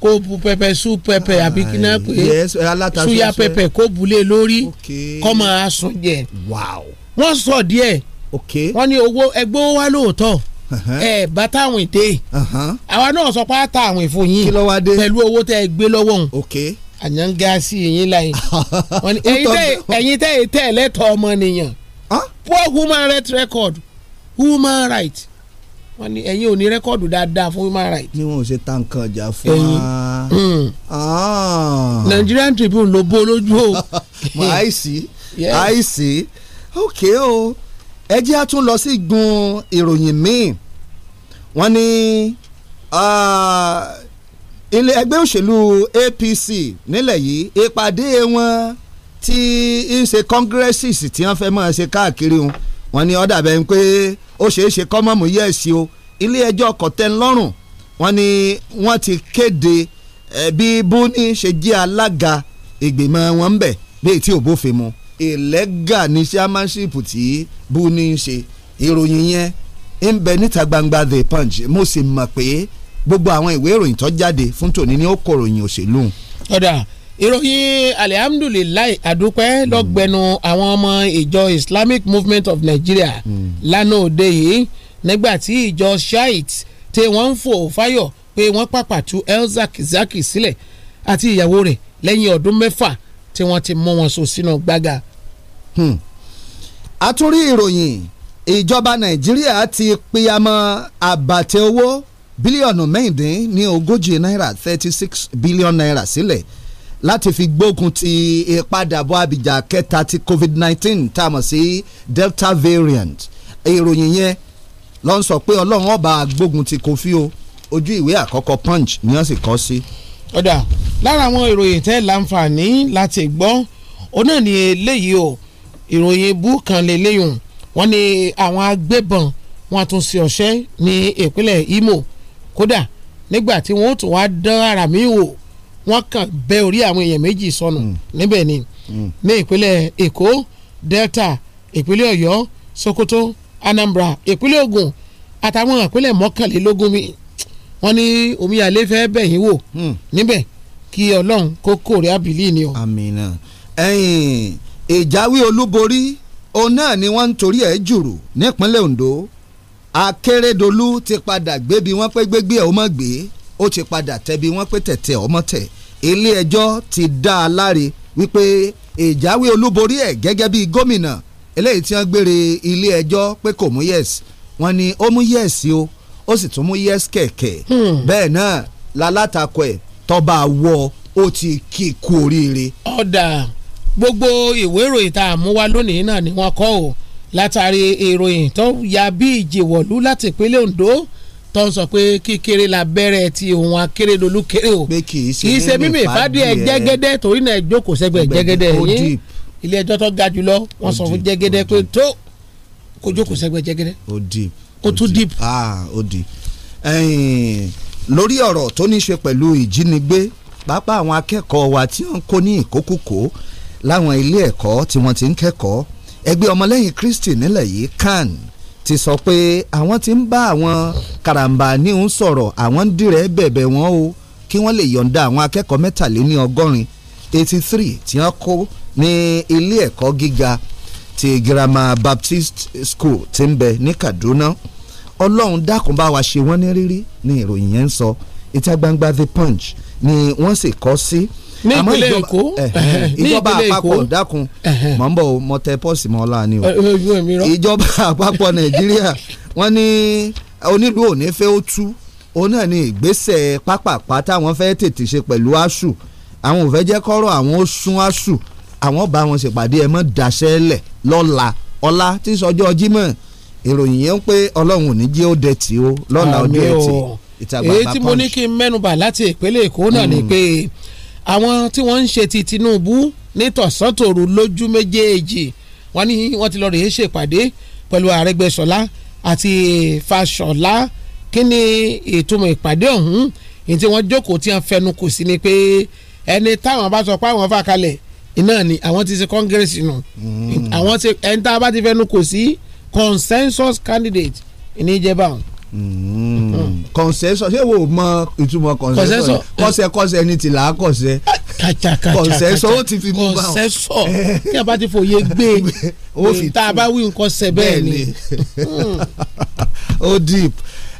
kó bu pẹpẹ sú pẹpẹ àbí kí pé súyà pẹpẹ kó bulé lórí kọ́ máa jẹ wọ́n sọ díẹ̀ wọ́n ní owó ẹgbẹ́ wa lóòótọ́. Uh-huh. ẹ bá táwọn ète uh-huh. àwa náà sọ pé a ta àwọn ìfún yín pẹ̀lú owó tẹ́ ẹ gbé lọ́wọ́ òun àyàngáàsì yín láyé ẹ̀yin tẹ́ ẹ tẹ́ ẹ lẹ́tọ̀ọ́ ọmọnìyàn poor human rights record human rights wọ́n ní ẹ̀yin ò ní rẹ́kọ́ọ̀dù dáadáa fún human rights. ni wọn ò ṣe ta nǹkan ọjà fún wa. Hmm. Ah. Nigerian Tribune ló bó lójú o. mà á ì sí i sí i ok o. Oh ẹ jẹ́ àtún lọ sí gun ìròyìn míì wọ́n ní ilé ẹgbẹ́ òṣèlú APC nílẹ̀ yìí ìpàdé wọn tí ń ṣe congresses tí wọ́n fẹ́ máa ṣe káàkiri wọn wọ́n ní ọ̀dà bẹ́ẹ̀ pé ó ṣeé ṣe kọ́mọ̀mù yẹ̀ẹ̀sì o ilé ẹjọ́ kọ̀tẹ́nlọ́rùn wọ́n ní wọ́n ti kéde bí buni ṣe jẹ́ alága ìgbìmọ̀ wọn bẹ̀ bí tí ò bófin mu ẹlẹ́gà ní chairmanship tí buni ń ṣe ìròyìn yẹn ń bẹ níta gbangba the punch mo sì mọ̀ pé gbogbo àwọn ìwé ìròyìn tó jáde fún tòní ni ó kọ ròyìn òṣèlú. ọ̀dà ìròyìn alihamudulilayi adúpẹ́ lọ́gbẹ̀nu hmm. àwọn ọmọ ìjọ Islamic Movement of Nigeria mm. lánàá òde yìí nígbàtí ìjọ Shiite tí wọ́n ń fò fáyọ̀ pé wọ́n pàpà tú elzak zaki sílẹ̀ àti ìyàwó rẹ̀ lẹ́yìn ọdún mẹ́fà tí wọ́n ti mú wọn so sínú gbága. àtúrí hmm. ìròyìn ìjọba nàìjíríà ti pìyàmọ àbàtẹ owó bílíọ̀nù mẹ́rìndín ní ogójì náírà thirty six billion naira sílẹ̀ láti fi gbógun ti ìpadàbọ̀ àbíjà kẹta ti covid nineteen tá a mọ̀ sí delta variant ìròyìn yẹn ló ń sọ pé ọlọ́run ọba gbógun ti kò fi o ojú ìwé àkọ́kọ́ punch ni wọ́n sì kọ́ sí. Si ọ̀dà lára àwọn ìròyìn tẹ́ láǹfààní láti gbọ́ ọ náà ni eléyìí o ìròyìn ibú kan lélẹ́yìn wọ́n ní àwọn agbébọn wọ́n tún sí ọ̀sẹ́ ní ìpínlẹ̀ Imo kódà nígbà tí wọ́n tún wá dán ara mi wò wọ́n kàn bẹ́ orí àwọn èèyàn méjì sọnù mm. níbẹ̀ ni mm. ní ìpínlẹ̀ Èkó Delta ìpínlẹ̀ Ọ̀yọ́ Sokoto Anambra ìpínlẹ̀ Ògùn àtàwọn ìpínlẹ̀ mọ́kànlélógún míì wọ́n ní omíyalé fẹ́ bẹ̀yìn wò hmm. níbẹ̀ kí ọlọ́run kó kórè abìlí ni o. àmìnà ẹ̀yìn ìjáwé olúborí òun náà ni wọ́n ń torí ẹ̀ jùrù nípínlẹ̀ Ondo Akérédolú ti padà gbébi wọ́n pé gbégbé ẹ̀ ó mọ̀ gbé ó ti padà tẹ̀bi wọ́n pé tẹ̀tẹ̀ ọmọ tẹ̀ ilé ẹjọ́ ti dá a láre wípé ìjáwé olúborí ẹ̀ gẹ́gẹ́ bíi gómìnà eléyìí tí wọ́n gbére ilé ẹjọ́ pé kò mú yẹ̀sì wọ́n ní ó mú yẹ̀sì o ó sì tún mú yes kẹ̀kẹ́ hmm. bẹ́ẹ̀ náà lálátakọ ẹ̀ tọ́ba wọ ó ti kí kú oríire. ọ̀dà gbogbo ìwé ìròyìn tá a mú wá lónìí náà ni wọ́n kọ ọ́ látàrí ìròyìn tó ya bí ìjìwọ̀lú láti ìpínlẹ̀ Ondo tó ń sọ pé kíkéré la bẹ̀rẹ̀ ti òun Akérédolú kéré o kì í ṣe mímì ìfádìí ẹ̀ jẹ́gẹ́dẹ́ torí náà jókòó sẹ́gbẹ̀ jẹ́gẹ́dẹ́ yín ilé ẹjọ́ tó ga jùlọ wọ́n sọ fún jẹ́gẹ́dẹ́ pé tó kó jókòó sẹ́gbẹ̀ jẹ́gẹ́dẹ́ ó tún deep. Ah, ó di lórí ọ̀rọ̀ tó ní í ṣe pẹ̀lú ìjínigbé pápá àwọn akẹ́kọ̀ọ́ wa tí wọ́n kó ní ìkókùkó láwọn ilé ẹ̀kọ́ tí wọ́n ti ń kẹ́kọ̀ọ́ ẹgbẹ́ ọmọlẹ́yìn Kristi nílẹ̀ yìí kan ti sọ pé àwọn ti ń bá àwọn karambani ń sọ̀rọ̀ àwọn ń dìrẹ́ bẹ̀bẹ̀ wọn o kí wọ́n lè yọ̀ǹda àwọn akẹ́kọ̀ọ́ mẹ́tàléní ọgọ́rin eighty three tí wọ́n kó ní ilé ẹ̀kọ́ gíga ti girama Baptist School ti ń bẹ ní Kaduna. No? ọlọ́run dákun bá wa ṣe wọ́n ní rírí ni ìròyìn yẹn ń sọ ìta gbangba the punch ni wọ́n sì kọ́ sí. ní ìpínlẹ̀ èkó ìjọba àpapọ̀ dákun mọ̀ ń bọ̀ mọ tẹ pọ́ọ̀sì mọ́ ọ́lá ni o ìjọba àpapọ̀ nàìjíríà wọ́n ní onílù òní fẹ́ ó tú òun náà ni ìgbésẹ̀ pápápá táwọn fẹ́ tètè ṣe pẹ̀lú aṣù àwọn ò fẹ́ jẹ́ kọ́rọ̀ àwọn ó sún aṣù àwọn bá wọn ṣèpàdé ẹ mọ́ dáṣẹ́ lẹ̀ lọ́la ọ̀la tí sọjọ́ Jímọ̀ ìròyìn yẹn ń pé ọlọ́run ò ní jẹ́ ó dẹ̀ tí ó lọ́la ọdún ẹtì ìtàgbà bá pọ́ńṣì. èyí tí mo ní kí n mẹ́nubà láti ìpínlẹ̀ èkó náà ni mm. pé àwọn tí wọ́n ń ṣe ti Tinubu ní tọ̀sán-tòru lójú méjèèjì wọ́n ní wọ́n ti lọ rèé ṣèpàdé pẹ̀lú Arẹ́gbẹ́ṣọlá àti Fáṣọlá kí ni ìtumọ̀ ìpàdé ọ̀hún èyí tí wọ́n jókòó tí wọ́n fẹnu kò sí ni pé ẹni táwọn bá sọ pé àwọn fà kalẹ̀ iná ni àwọn ti ṣe kọ́ngẹ́rẹ́sì nù mm. àwọn ti ẹni tá a bá ti fẹnu kò sí consensus candidate ní ìjẹba ọ̀hún. consensus ṣé wo mọ ìtumọ̀ consensus kọsẹ̀ kọsẹ̀ in tìlà consensus ó ti fi mú bá consensus eh. tí a bá ti fòye gbé e eh, tá a bá wí nǹkan sẹ̀ bẹ́ẹ̀ ni. Hmm. ó deep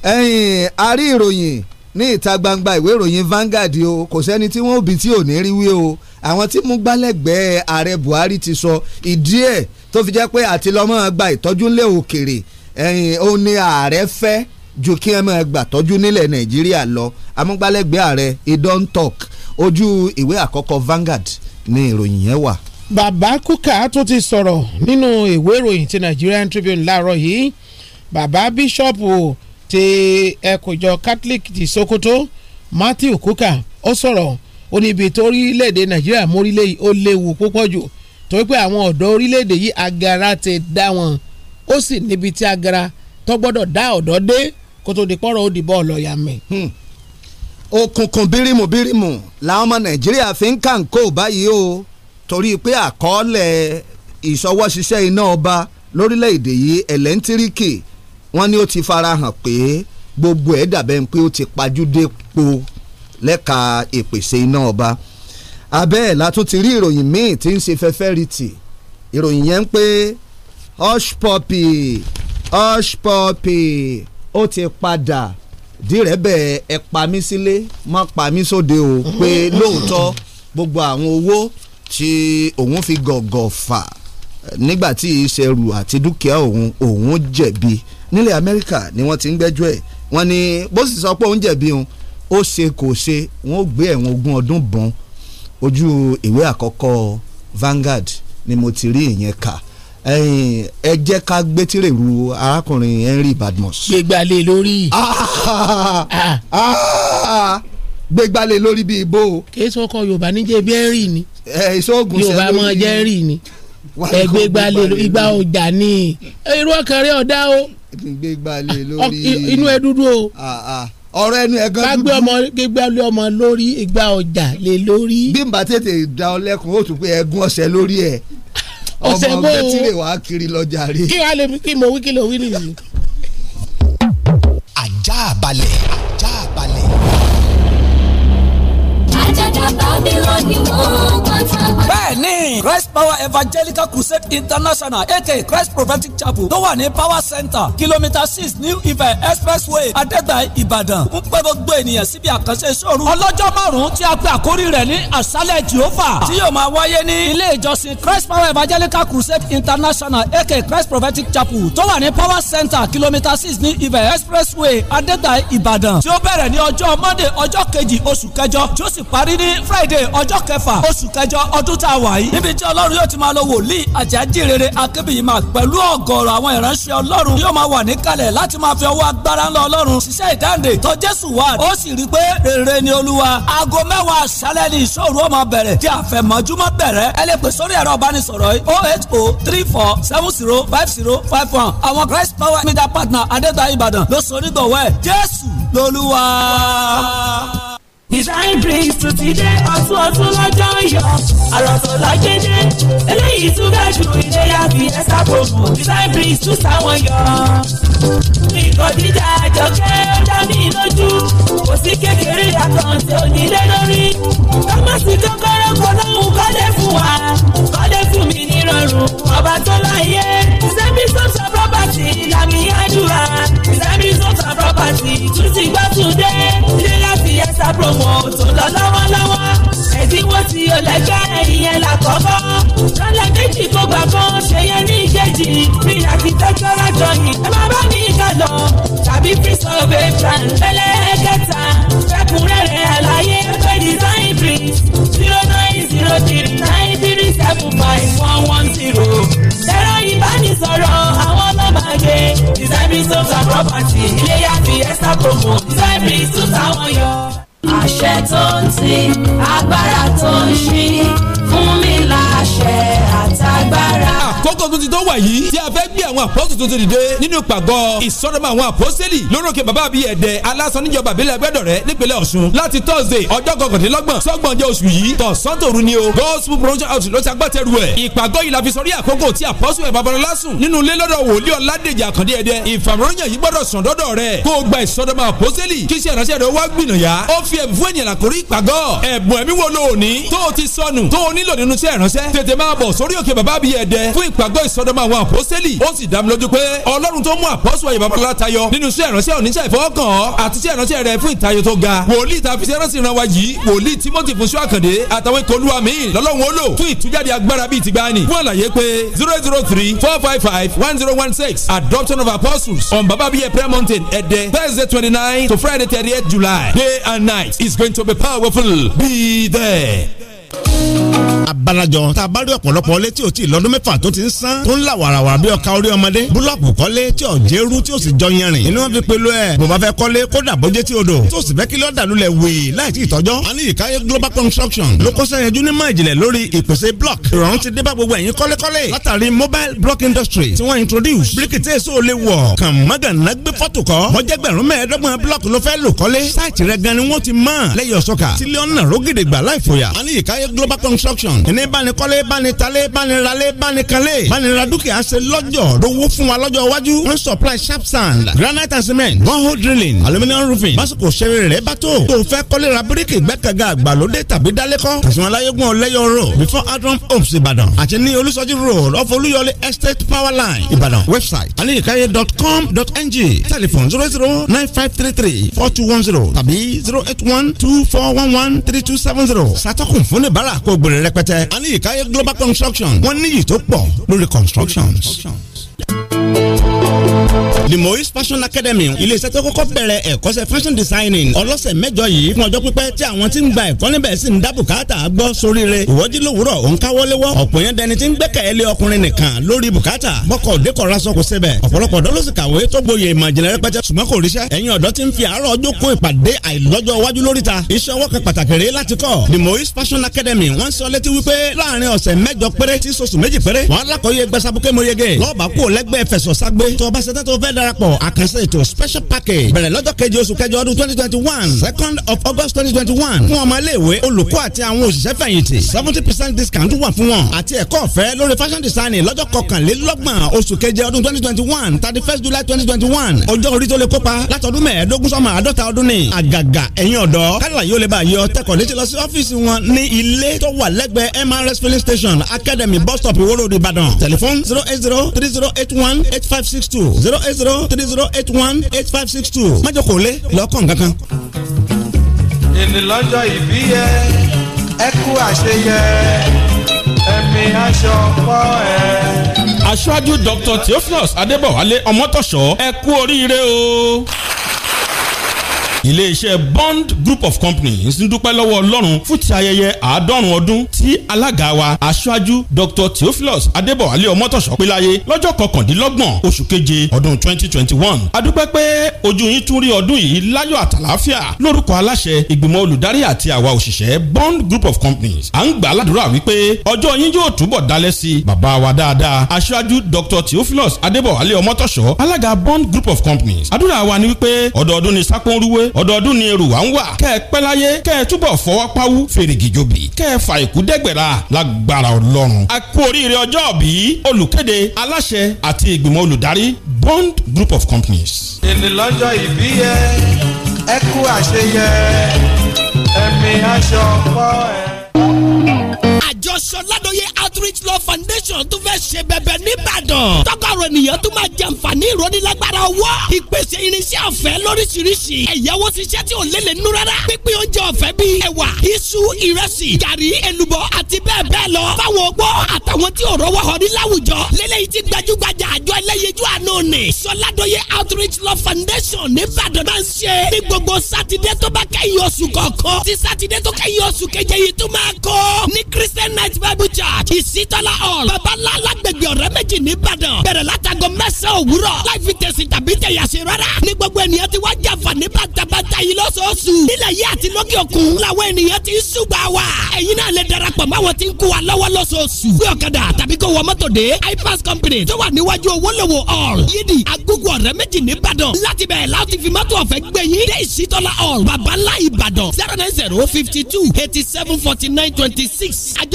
ẹ̀yin a rí ìròyìn. ní ìta gbangba ìwé ìròyìn Vanguard o kò sẹ́ni tí wọ́n òbí tí ò ní rí wí o àwọn tí mú gbálẹ́gbẹ̀ẹ́ ààrẹ Buhari ti sọ ìdí ẹ̀ tó fi jẹ́ pé àti lọ́mọ́ gba ìtọ́jú ńlẹ̀ òkèrè ẹ̀yìn òun ni ààrẹ fẹ́ ju kí ẹ máa gbàtọ́jú nílẹ̀ Nàìjíríà lọ amúgbálẹ́gbẹ̀ẹ́ ààrẹ idon talk ojú ìwé àkọ́kọ́ Vanguard ni ìròyìn yẹn wà. bàbá kúkà tó ti sọ̀rọ̀ nínú ìwé ìròyìn ti Nigerian Tribune láàárọ̀ yìí bàbá bíṣọ̀pù ti ẹkùnjọ Catholic ti Sokoto Matthew Kuka ó sọ̀rọ̀ ó ní ibi tó orílẹ̀-èdè Nàìjíríà mórílẹ̀ yìí ó léwu púpọ̀ jù torí pé àwọn ọ̀dọ́ orílẹ̀-èdè yìí agara ti dá wọn ó sì níbi tí agara tó gbọ́dọ̀ dá ọ̀dọ́ dé kó tó di pọ́rọ̀ ó di bọ́ọ̀lù ọ̀yà mẹ́. Hmm. òkùnkùn bírímù bírímù làwọn ọmọ Nàìjíríà fi ń kàǹkó báyìí o torí pé àkọọ́lẹ̀ ìṣọwọ́ṣiṣẹ́ iná ọba lórílẹ̀‐èdè yìí ẹ̀lẹ́ńtíríkì wọ́n ní ó ti farahàn pé gbogbo ẹ̀ dàbẹ́ pé ó ti pajúdé po lẹ́ka ìpèsè iná ọba abẹ́ ẹ̀ la tún ti rí ìròyìn míì tí ń ṣe fẹ́fẹ́ rí tì ìròyìn yẹn ń pé hush puppy hush puppy ó ti padà dírẹ́bẹ̀ ẹ pa mí sílé má pa mí sóde o pé lóòótọ́ gbogbo àwọn owó tí òun fi gọ̀gọ̀ fà nígbà tí ìṣerù àti dúkìá òun òun jẹ̀bi nílẹ̀ Amẹ́ríkà ni wọ́n ti ń gbẹ́jọ́ ẹ̀ wọ́n ní bó sì sọ pé òun jẹ̀bi òun ó ṣe kò ṣe wọ́n ó gbé ẹ̀wọ̀n ogún ọdún bọ́n ojú ìwé àkọ́kọ́ Vanguard ni mo ti rí ìyẹn kà ẹ jẹ́ ká gbé tìrèrú arákùnrin Henry Badmus. gbégbálẹ̀ lórí. Ah! Ah! gbégbálẹ̀ lórí bíi bó. kí sọ́kọ Yorùbá ní bí Henry ni. ẹ ìṣòògùn sẹ́yìn Yorùbá mọ jẹ́ Henry ni ẹgbẹ́ gbalẹ̀ igba ọjà ni irú ọkàn rẹ o inú ẹ dúdú o ọ̀rọ̀ ẹnu ẹ̀gán dúdú. gbàgbé ọmọ gbàgbé ọmọ lórí igba ọjà lè lórí. bí n bá tètè da ọ lẹ́kùn ó tún pé ẹ̀gún ọ̀sẹ̀ lórí ẹ̀ ọmọ ọgbẹ́ tí lè wá kiri lọ́jà rí. kí wàá lè kí mo wí kí lè wí nìyí. ajá balẹ̀ ajá balẹ̀. àjàgà bàbí lọ ni wọ́n gbà bẹ́ẹ̀ni christ power evangelical crusade international aka christ prophetic chapel tó wà ní power center kilomita six new ife expressway adẹ́gbà Ibadan. ń pẹ́ gbogbo ènìyàn síbi àkànṣe ìṣòro ọlọ́jọ́ márùn-ún tí a pè àkórí rẹ̀ ní àṣálẹ̀ jehova tí yóò máa wáyé ní ilé ìjọsìn christ power evangelical crusade international aka christ prophetic chapel tó wà ní power center kilomita six ní ife expressway adẹ́gbà ìbàdàn tí ó bẹ̀rẹ̀ ní ọjọ́ monday ọjọ́ kejì oṣù kẹjọ tí ó sì parí ní friday ọjọ́ kẹfà oṣù kẹjọ kẹjọ ọdún tá a wà yìí níbi tí ọlọ́run yóò ti máa lọ wòlíì àti àjírere akébíyìí máa pẹ̀lú ọ̀gọ̀rọ̀ àwọn ìránṣẹ́ ọlọ́run yóò máa wà níkàlẹ̀ láti máa fi ọwọ́ agbára ńlá ọlọ́run ṣiṣẹ́ ìdáǹdè tó jésù wà ó sì rí i pé rere ni olúwa aago mẹ́wàá aṣálẹ́ ni ìṣòro ọmọ bẹ̀rẹ̀ tí àfẹ̀mọ́júmọ́ bẹ̀rẹ̀ ẹ lè pè sórí ẹ̀rọ ìbánisọ̀rọ̀ yìí oh eight oh three four seven zero five zero five one àwọn christ power media partner adétayé ìbàdàn ló sonígbọ̀wẹ́ jésù lolúwa design brings to ti dé ọ̀tún ọ̀tún lọ́jọ́ yọ àròsọ lọ́jẹ́dẹ́ eléyìí tún bẹ́ẹ̀ ju ìléyà fi ẹ́sà gbogbo design brings tún sáwọn yọ. nǹkan jíjà àjọkẹ́ ó dá mi lójú kò sí kékeré àkàǹtì onílé lórí kámọ́sí kọ́kọ́rọ́ kọ́ lóhùn kọ́lé fún wa kọ́lé fún mi nírọ̀rùn ọba tó láyé sẹ́mi sọ́sọ́ property làmì àdúrà sẹ́mi sọ́sọ́ property tún ti gbọ́ tún dé ilé yẹsà promo tó lọ lọ́wọ́lọ́wọ́ ẹ̀dínwó tí o lè gbẹ́ ìyẹn lákọ̀ọ́kọ́ lọ́lẹ̀ méjì kó gbà kan ṣe yẹn ní ìkejì bí architectural drawing ẹ má bá mi kà lọ tàbí free survey plan lẹ́lẹ́kẹta fẹ́kùnrẹ́. resource and property iléyà fiesta promo february two thousand yọ. àṣẹ tó ń ti agbára tó ń ṣí fún mi láàyè àṣẹ àtagbára. àkókò tuntun tó wà yìí tí a fẹ́ gbé àwọn àpọ́sù tuntun dìde nínú pàgọ́ ìsọdọ̀mọ́ àwọn àpọ́sẹ́lì lórókè bàbá àbí ẹ̀dẹ̀ alásán níjọba àbílẹ̀ ẹgbẹ́dọ̀ rẹ nípínlẹ̀ ọ̀ṣun láti tọ́sídẹ̀ẹ́ ọjọ́ kọkàndínlọ́gbọ̀n sọ́gbọ̀njẹ́ oṣù yìí tọ̀sán-tòru ni o gospel promotion house ló ti agbátẹrù ẹ̀. ìpàgọ́ yìí la fi sọrí àkókò tí àpọ́sù ẹ̀ babalọ́lá sùn nínú ilé lọ́dọ̀ wòlíì ọ̀làdèjì àkàndé ẹ̀dẹ̀ ìfàmọ́rọ́yàn yìí gbọ́dọ̀ sàn dọ́dọ̀ rẹ̀ kó o gba ìsọdọ̀mọ́ àpọ́sẹ́lì kí iṣẹ́ ìránṣẹ́ rẹ̀ wá gbìnàyà ó fi ẹ̀bùn fún ènìyàn ti sọnù tó o nílò nínú iṣẹ́ ìránṣẹ́ tètè máa bọ̀ sórí òkè bàbá mi ẹ̀dẹ fún ìpàgọ́ ìsọdọ̀mọ́ àwọn àpọ́sẹ́lì ó sì dá mi lójú pé ọlọ́run tó mú àpọ́sù ayé babalá tayọ nínú iṣẹ́ ìránṣẹ́ oníṣẹ́ ìfọwọ́kàn àti iṣẹ́ ìránṣẹ́ rẹ fún ìtayọ tó ga wòlíì ta fi sẹ́rọ́sì ran wa yìí wòlíì Timothy Fúnṣọ́ Àkàndé àtàwọn ikọ̀ olúwa míì lọ́lọ́run ó lò fún ìtújáde agbára bíi ti gbani fún àlàyé pé zero zero three four five five one zero one six adoption of apostles on baba bíyẹ prayer mountain ẹ̀dẹ́ Thursday twenty nine to Friday thirty eight July day and night is going to be powerful be there abalajọ tá a bá rí ọ̀pọ̀lọpọ̀ ilé tí o ti lọ́dún mẹ́fà tó ti ń san tó ń la warawara bí ọ̀ka orí ọmọdé búlọ́ọ̀kù kọ́lé tí ò jẹ́rú tí o sì jọ yanrìn inú wọn fi pelu ẹ̀ bó bá fẹ́ kọ́lé kódà bójé tí o dò tó sì fẹ́ kí lọ́ọ̀dà lulẹ̀ wèé láì tí ì tọ́jọ́. a ní ìkáyé global construction ló kó sẹ́yẹjú ní máa ìjìnlẹ̀ lórí ìpèsè block ìrọ̀rùn ti dé bá gbogbo ẹ̀yin kọ́lékọ́lé látàrí mobile block industry tí wọ́n introduce bíríkìtì èso lè wọ̀ kàn mọ́gànnà gbé fọ́tò kọ́ mọ́jẹ́gbẹ̀rún mẹ́ẹ̀ẹ́dọ́gbọ̀n block ló fẹ́ lò kọ́lé sáìtì rẹ̀ gan ni wọ́n ti mọ̀ lẹ́yìn ọ̀ṣọ́ka tílíọ̀nù náà rógèdè gbà láì fòyà a ní ìká àgbáyé global construction ní bánikọ́lé bánitalé bániralé bánikanlé bánira dúkìá ṣe lọ́jọ́ lówó fún wa lọ́jọ́ iwájú wọ́n supply sharp sand granite and cement one hole drilling aluminium roofing básìkò ṣeré rẹ̀ bá tó tó fẹ́ kọ́lé ra bíríkì gbẹ́kẹ̀gà àgbàlódé tàbí dálékọ́ tàṣímọ́láyégún ọ̀lẹ́yọ̀ road before adron homes ìbàdàn àti ní olúṣọjí road of olúyọlé estate power line ìbàdàn website dot dot com ng. telephone zero zero nine five three three four two one zero tàbí zero eight one two four one one three two seven zero ṣàtọ́kùn fún oníbàárà kò gbèrè rẹpẹtẹ a ní ìkáyé global construction wọ́n níyì tó pọ̀ lórí constructions the Moist Fashion Academy iléeṣẹ́ tó kọ́kọ́ bẹ̀rẹ̀ ẹ̀kọ́ṣẹ́ fashion designing ọlọ́sẹ̀ mẹ́jọ yìí fún ọjọ́ pípẹ́ tí àwọn tí ń gba ẹ̀kọ́ níbẹ̀ sì ń dá bùkátà gbọ́ sóríire ìwọ́jí lówùrọ̀ òun káwọ́léwọ́ ọ̀pọ̀ yẹn dẹni tí ń gbẹ́kẹ̀lé ọkùnrin nìkan lórí bùkátà bọ́kọ̀ dékọ̀ra sọ kò sẹ́bẹ̀ ọ̀pọ̀lọpọ̀ ọ̀dọ́ ló sì kàwé tó gboyè ìmọ̀ ìjìnlẹ̀ rẹpẹtẹ ṣùgbọ́n kò ríṣẹ́ ẹ̀yin ọ̀dọ́ ti ń fi àárọ̀ ọjọ́ kó ìpàdé àìlọ́jọ́ iwájú lóríta iṣẹ́ ọwọ́ kan pàtàkì rèé láti kọ́ the Moist Fashion Academy wọ́n sọ létí wípé láàrin ọ̀sẹ̀ mẹ́jọ péré tí sọ́sù méjì péré wọ́n alákọ̀ọ́yẹ gbẹ́sàbùkẹ́ mọ́yege lọ́ọ̀bà kó lẹ́gbẹ́ fẹ̀sọ̀ ságbé tó bá ṣetán tó fẹ́ darapọ̀ àkànṣe ètò special package bẹ̀rẹ̀ lọ́jọ́ keje oṣù kẹjọ ọdún twenty twenty one second of august twenty twenty one fún ọmọ iléèwé olùkọ́ àti àwọn òṣìṣẹ́ fẹ̀yìntì seventy percent discount wà fún wọn àti ẹ̀kọ́ ọ̀fẹ́ lórí fashion design lọ́jọ́ kọkànlélọ́gbọ̀n oṣù keje ọdún twenty twenty one thirty first july twenty twenty one ọjọ́ orí tó lè kópa látọdún mẹ́ẹ̀ẹ́dógún sọ́mọ àádọ́ta ọdún ni àgàgà ẹ̀yìn ọ̀dọ́ kálá yóò lè bá yọ tẹkọ̀ létí lọ mrs filling station academy bus stop ìwóró ìbàdàn tẹlifóònù zero eight zero three zero eight one eight five six two zero eight zero three zero eight one eight five six two májòkó lé lọ́kàn kankan. èmi lọ́jọ́ ìbí yẹ ẹ kú àṣeyẹ ẹ̀mí aṣọ pọ̀ ẹ̀. aṣáájú dr theophilus adébọ̀wálé ọmọtọ̀ṣọ́ ẹ kú oríire o iléeṣẹ́ bond group of companies ń dúpẹ́ lọ́wọ́ ọlọ́run fún ti ayẹyẹ àádọ́rùn ọdún tí alága wa aṣáájú dr theophilus adébọ̀wálé ọmọtọ̀sọ́ pé láyé lọ́jọ́ kọkàndínlọ́gbọ̀n oṣù keje ọdún twenty twenty one adúpẹ́ pé ojú yín tún rí ọdún yìí láyọ̀ àtàláfíà lórúkọ aláṣẹ ìgbìmọ̀ olùdarí àti àwa òṣìṣẹ́ bond group of companies à ń gbà ládùúrà wípé ọjọ́ yín yóò túbọ̀ dalẹ̀ sí i bàbá wa dáadáa aṣáájú dr theophilus adébọ̀wálé ọmọtọ̀sọ́ alága bond group of companies àdúrà wa ni wípé ọdọọdún ni sápó ọdọọdún ni èrò wa ń wà kẹ́ ẹ pẹ́ láyé kẹ́ ẹ túbọ̀ fọwọ́ pawú fèrègì jòbì kẹ́ ẹ fa ìkú dẹ́gbẹ̀rà lágbára ọlọ́run. a kú oríire ọjọ́ bí olùkéde aláṣẹ àti ìgbìmọ̀ olùdarí bond group of companies. èmi ìbí yẹ ẹ kú àṣeyẹ ẹ̀mí aṣọ ọ̀pọ̀ ẹ̀ ìjọ sọládọ́yé outreach law foundation tún fẹ́ ṣe bẹ̀bẹ̀ nìbàdàn tọkọrọ ènìyàn tún máa jẹ àǹfààní ìrónilágbára ọwọ́ ìpèsè irinṣẹ́ ọ̀fẹ́ lóríṣiríṣi ẹ̀yẹ́wó ṣiṣẹ́ tí ò lélẹ̀ nú rárá pípín oúnjẹ ọ̀fẹ́ bíi ẹ̀wà iṣu ìrẹsì gàrí èlùbọ́ àti bẹ́ẹ̀ bẹ́ẹ̀ lọ fáwọn ọgbọ́ àtàwọn tí ò rọwọ́ họrí láwùjọ lélẹ́yìí ti gbajúgbajà àjọ ẹlẹ́yẹjú àánú ni sọládọ́yé outreach law foundation nìbàdàn máa ń ṣe ní gbogbo sátidé tó bá kẹ́yìn oṣù kọ̀ọ̀kan tí sátidé tó kẹ́yìn oṣù keje yìí tó máa christian night bible church ìsítọ́lá hall babalá alágbègbè ọ̀rẹ́ méjì nìbàdàn bẹ̀rẹ̀ látago mẹ́sàn òwúrọ̀ láì fi tẹ̀sìn tàbí tẹ̀yàsí rárá ní gbogbo ènìyàn ti wá jàǹfà ní bàtàbàtà yìí lóṣooṣù nílẹ̀ yìí àti lókè òkun làwọn ènìyàn ti ń ṣùgbà wa ẹ̀yin náà lè darapọ̀ máwọn ti ń kó wa lọ́wọ́ lóṣooṣù bí tàbí kó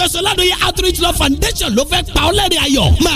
ìjọsọ ládòye outreach law foundation ló fẹ́ pa ọ́ lẹ́rìn ayọ̀ má